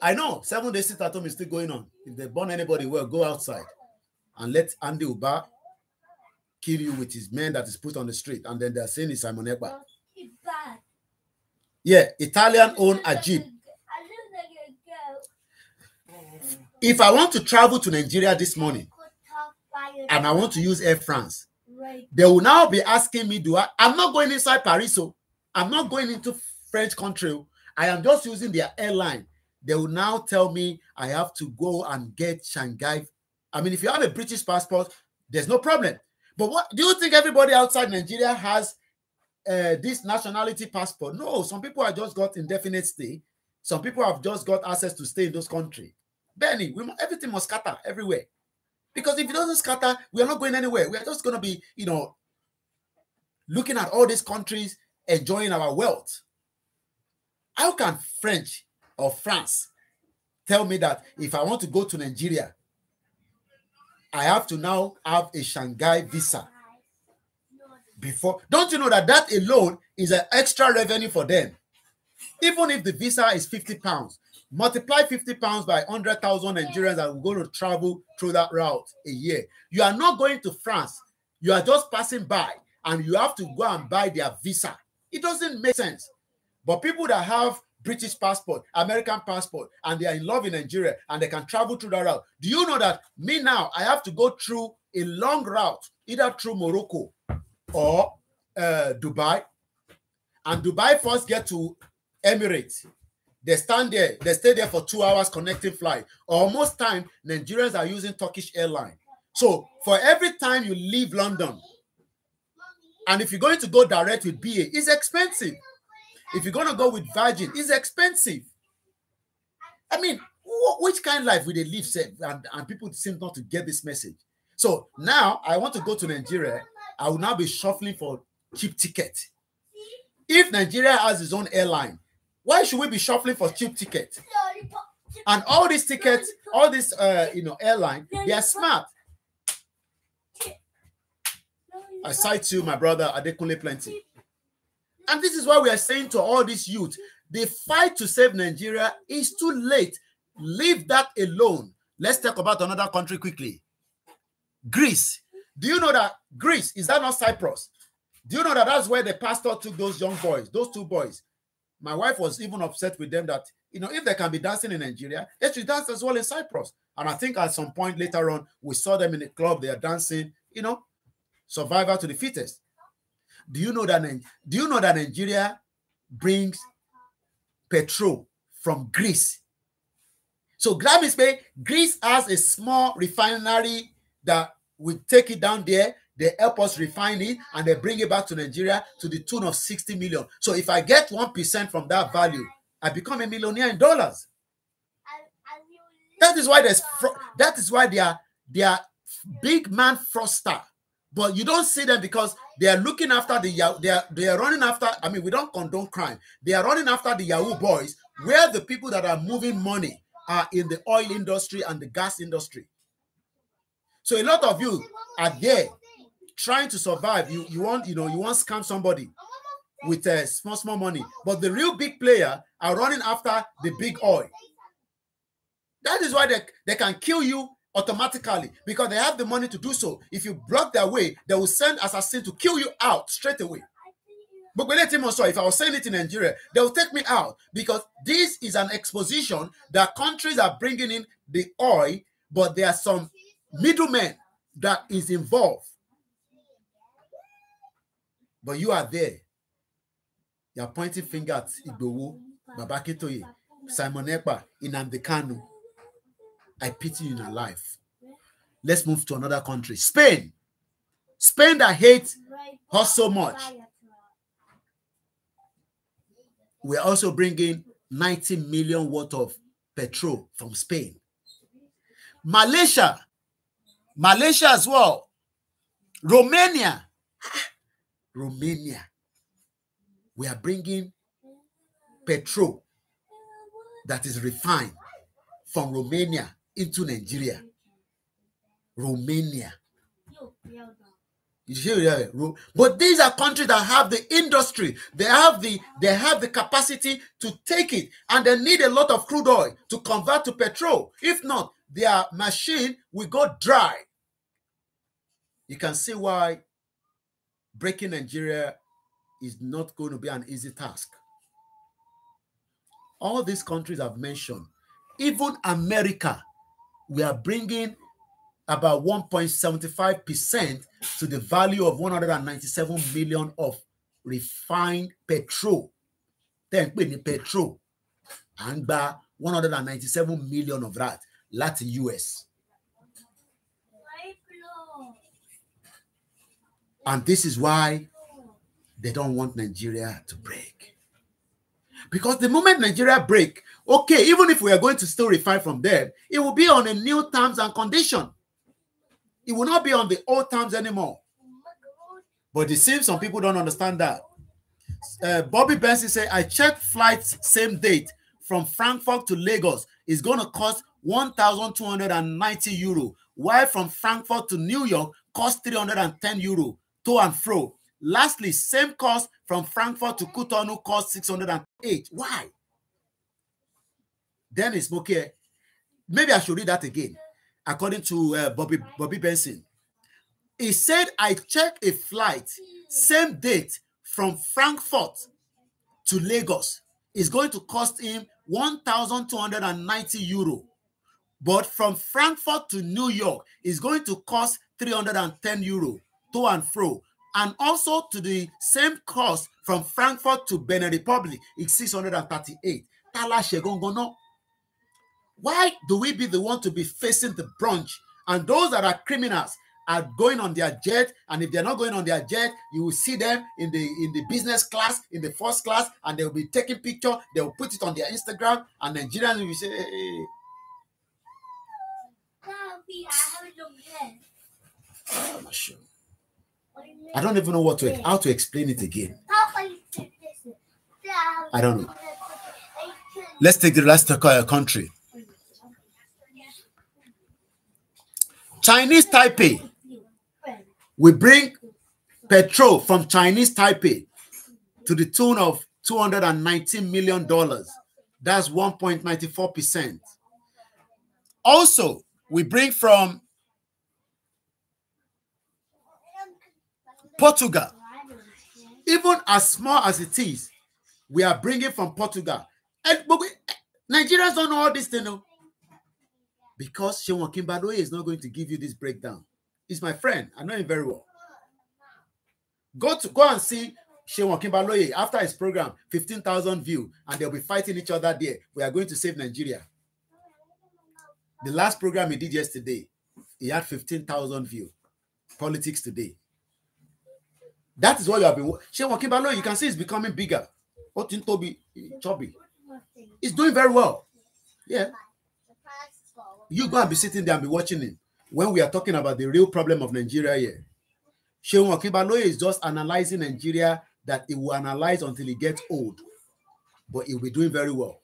I know seven days since atom is still going on. If they burn anybody, well, go outside and let Andy Uba kill you with his men that is put on the street, and then they're saying it's Simon Ekpa. Yeah, Italian owned Ajib. If I want to travel to Nigeria this morning and I want to use Air France, they will now be asking me, do I? I'm not going inside Paris, so oh. I'm not going into French country. Oh. I am just using their airline. They will now tell me I have to go and get Shanghai. I mean, if you have a British passport, there's no problem. But what do you think everybody outside Nigeria has uh, this nationality passport? No, some people have just got indefinite stay. Some people have just got access to stay in those country. Benny, we, everything must scatter everywhere. Because if it doesn't scatter, we are not going anywhere. We are just going to be, you know, looking at all these countries enjoying our wealth. How can French or France tell me that if I want to go to Nigeria, I have to now have a Shanghai visa? Before, don't you know that that alone is an extra revenue for them? Even if the visa is 50 pounds, Multiply 50 pounds by 100,000 Nigerians that are going to travel through that route a year. You are not going to France. You are just passing by and you have to go and buy their visa. It doesn't make sense. But people that have British passport, American passport, and they are in love in Nigeria and they can travel through that route. Do you know that me now, I have to go through a long route, either through Morocco or uh, Dubai? And Dubai first get to Emirates they stand there, they stay there for two hours connecting flight. Almost time, Nigerians are using Turkish airline. So for every time you leave London, and if you're going to go direct with BA, it's expensive. If you're going to go with Virgin, it's expensive. I mean, which kind of life would they live? And, and people seem not to get this message. So now I want to go to Nigeria. I will now be shuffling for cheap ticket. If Nigeria has its own airline, why should we be shuffling for cheap tickets? And all these tickets, all these uh, you know airline, they are smart. I cite you, my brother Adekunle Plenty. And this is why we are saying to all these youth, the fight to save Nigeria is too late. Leave that alone. Let's talk about another country quickly. Greece. Do you know that Greece is that not Cyprus? Do you know that that's where the pastor took those young boys, those two boys, my wife was even upset with them that, you know, if they can be dancing in Nigeria, they should dance as well in Cyprus. And I think at some point later on, we saw them in a the club, they are dancing, you know, survivor to the fittest. Do you know that do you know that Nigeria brings petrol from Greece? So Grammy's Bay, Greece has a small refinery that will take it down there they help us refine it and they bring it back to Nigeria to the tune of 60 million. So if I get 1% from that value, I become a millionaire in dollars. That is why there's that is why they are they are big man froster, But you don't see them because they are looking after the they are they are running after. I mean, we don't condone crime. They are running after the Yahoo boys, where the people that are moving money are in the oil industry and the gas industry. So a lot of you are there trying to survive. You you want you know you want to scam somebody with uh, small small money, but the real big player are running after the big oil. That is why they, they can kill you automatically because they have the money to do so. If you block their way, they will send assassin to kill you out straight away. But let him also, if I was saying it in Nigeria, they will take me out because this is an exposition that countries are bringing in the oil, but there are some middlemen that is involved but you are there you are pointing finger at Igboho Babakitoye Simon Ekpa Nnamdi Kanu I pity you in life let's move to another country Spain Spain that hate us so much we're also bringing 90 million worth of petrol from Spain. Malaysia, Malaysia as well, Romania, Romania. We are bringing petrol that is refined from Romania into Nigeria. Romania. But these are countries that have the industry, they have the they have the capacity to take it, and they need a lot of crude oil to convert to petrol. If not, their machine will go dry. You can see why breaking Nigeria is not going to be an easy task. All these countries I've mentioned, even America, we are bringing about 1.75% to the value of 197 million of refined petrol. Then we need petrol. And by 197 million of that, Latin US. And this is why they don't want Nigeria to break. Because the moment Nigeria break, okay, even if we are going to still refine from there, it will be on a new terms and condition. It will not be on the old terms anymore. But it seems some people don't understand that. Uh, Bobby Benson said, I checked flights same date from Frankfurt to Lagos. It's going to cost 1,290 euro. While from Frankfurt to New York cost 310 euro to and fro. Lastly, same cost from Frankfurt to Kotonu cost 608. Why? Dennis okay, Maybe I should read that again, according to uh, Bobby, Bobby Benson. He said, I checked a flight, same date, from Frankfurt to Lagos. is going to cost him 1,290 euro. But from Frankfurt to New York, it's going to cost 310 euro to and fro, and also to the same cost from Frankfurt to Benin Republic is 638. Why do we be the one to be facing the brunch? And those that are criminals are going on their jet, and if they're not going on their jet, you will see them in the in the business class, in the first class, and they'll be taking picture. They'll put it on their Instagram, and Nigerians will say, hey, hey. Mommy, I have I don't even know what to how to explain it again. I don't know. Let's take the last country. Chinese Taipei. We bring petrol from Chinese Taipei to the tune of $219 million. That's 1.94%. Also, we bring from Portugal, even as small as it is, we are bringing from Portugal. And but we, Nigerians don't know all this, you know. Because Shenwan Kimbadwe is not going to give you this breakdown. He's my friend. I know him very well. Go to go and see Shenwan Kimbaloye after his program, 15,000 view, and they'll be fighting each other there. We are going to save Nigeria. The last program he did yesterday, he had 15,000 view. Politics today. that is what you have been She ṣé wọn Kibalo you can see it's becoming bigger What in Toby tóbi chubby it's doing very well yeah you go and be sitting there and be watching him when we are talking about the real problem of Nigeria here ṣé wọn Kibalo is just analyzing Nigeria that he will analyze until he gets old but he be doing very well.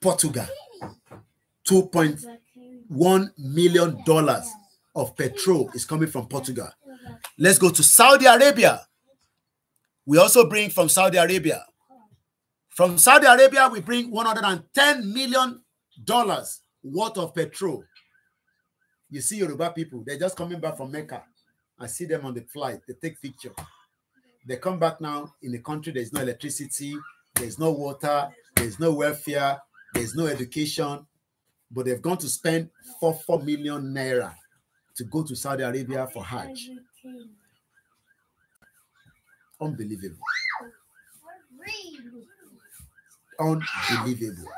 Portugal, two point One million dollars of petrol is coming from Portugal. Let's go to Saudi Arabia. We also bring from Saudi Arabia. From Saudi Arabia, we bring $110 million dollars worth of petrol. You see Yoruba people, they're just coming back from Mecca. I see them on the flight. They take picture. They come back now in the country. There's no electricity. There's no water. There's no welfare. There's no education. but they've gone to spend four four million naira to go to Saudi Arabia for Hajj. Unbelievable. Unbelievable.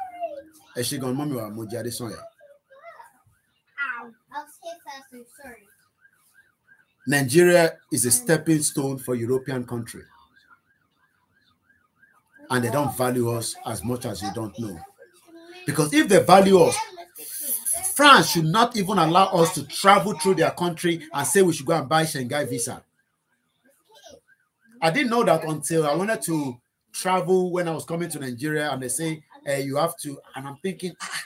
Nigeria is a stepping stone for European country. And they don't value us as much as you don't know. Because if they value us, France should not even allow us to travel through their country and say we should go and buy Shanghai visa. I didn't know that until I wanted to travel when I was coming to Nigeria and they say, hey, eh, you have to. And I'm thinking, ah,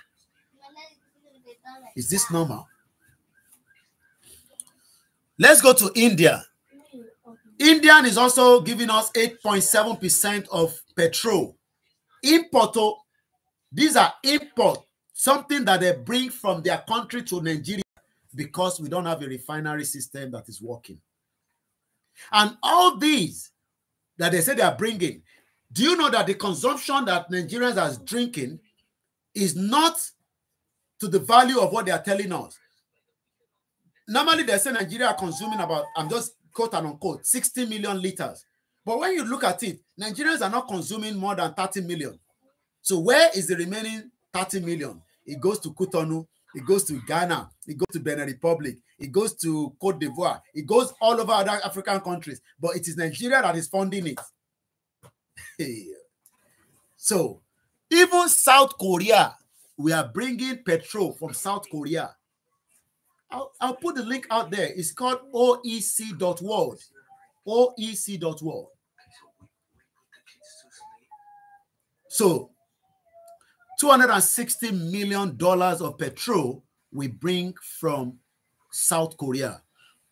is this normal? Let's go to India. Indian is also giving us 8.7% of petrol. Import, these are import something that they bring from their country to Nigeria because we don't have a refinery system that is working. And all these that they say they are bringing, do you know that the consumption that Nigerians are drinking is not to the value of what they are telling us? Normally, they say Nigeria are consuming about, I'm just quote and unquote, 60 million liters. But when you look at it, Nigerians are not consuming more than 30 million. So where is the remaining 30 million? It goes to Cotonou. It goes to Ghana. It goes to Benin Republic. It goes to Cote d'Ivoire. It goes all over other African countries. But it is Nigeria that is funding it. [LAUGHS] so even South Korea, we are bringing petrol from South Korea. I'll, I'll put the link out there. It's called oec.world. oec.world. So $260 million of petrol we bring from South Korea.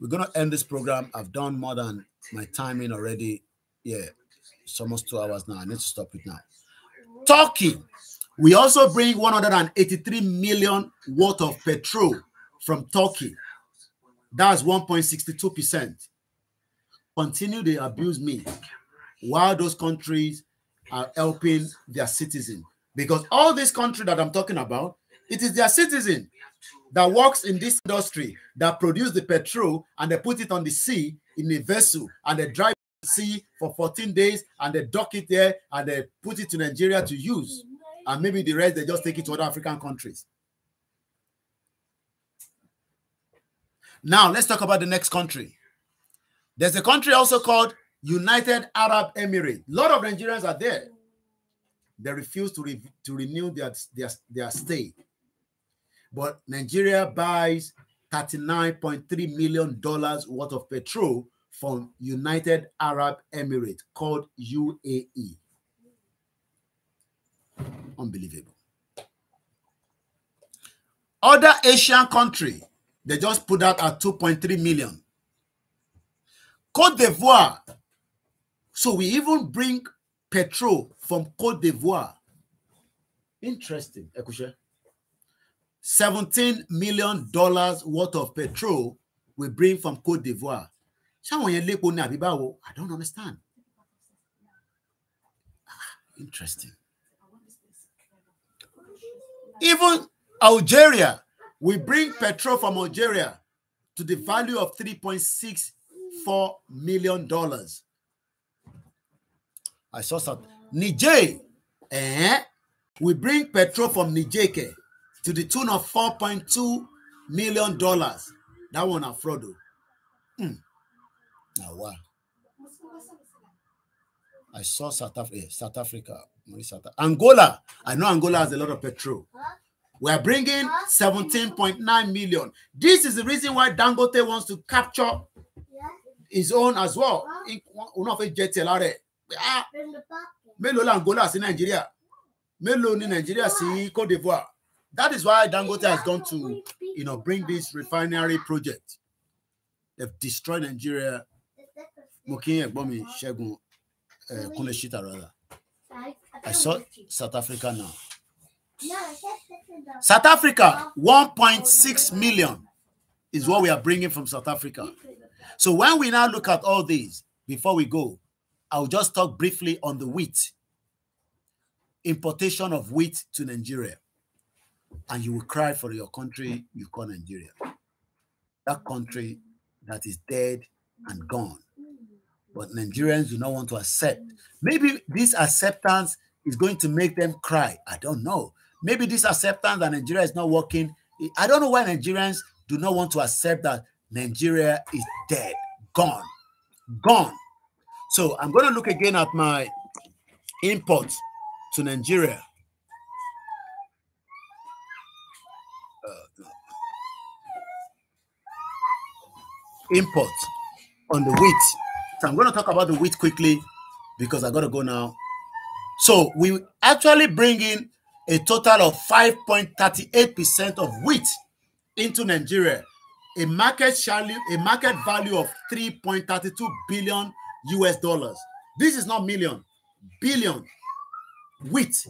We're going to end this program. I've done more than my timing already. Yeah, it's almost two hours now. I need to stop it now. Turkey, we also bring 183 million worth of petrol from Turkey. That's 1.62%. Continue, they abuse me while those countries are helping their citizens. Because all this country that I'm talking about, it is their citizen that works in this industry that produce the petrol and they put it on the sea in a vessel and they drive the sea for 14 days and they dock it there and they put it to Nigeria to use. And maybe the rest, they just take it to other African countries. Now, let's talk about the next country. There's a country also called United Arab Emirates. A lot of Nigerians are there. They refuse to, re to renew their, their, their stay. But Nigeria buys $39.3 million worth of petrol from United Arab Emirates called UAE. Unbelievable. Other Asian country, they just put out at 2.3 million. Cote d'Ivoire. So we even bring petrol from Cote d'Ivoire. Interesting, $17 million worth of petrol we bring from Cote d'Ivoire. I don't understand. Ah, interesting. Even Algeria, we bring petrol from Algeria to the value of $3.64 million. I saw something. Niger, eh, we bring petrol from Niger to the tune of $4.2 million. That one a fraud. Mm. Now, wow. I saw South Africa, eh, South Africa, Angola. I know Angola has a lot of petrol. We are bringing 17.9 million. This is the reason why Dangote wants to capture his own as well. In, one of his jets, ah, mélòó la Angola sí Nàìjíríà mélòó ni Nàìjíríà sí Côte d'Ivoire that is why Dangote has gone to you know, bring this refinery project they've destroyed Nigeria mo kí ẹ̀gbọ́n mi Ṣẹ́gun eh, Kúnlé Shita rather I saw South Africa now South Africa one point six million is what we are bringing from South Africa so when we now look at all these before we go I'll just talk briefly on the wheat, importation of wheat to Nigeria. And you will cry for your country you call Nigeria. That country that is dead and gone. But Nigerians do not want to accept. Maybe this acceptance is going to make them cry. I don't know. Maybe this acceptance that Nigeria is not working. I don't know why Nigerians do not want to accept that Nigeria is dead, gone, gone. So I'm going to look again at my imports to Nigeria. Uh, import on the wheat. So I'm going to talk about the wheat quickly because I got to go now. So we actually bring in a total of 5.38% of wheat into Nigeria, a market value, a market value of 3.32 billion US dollars. This is not million, billion. Wheat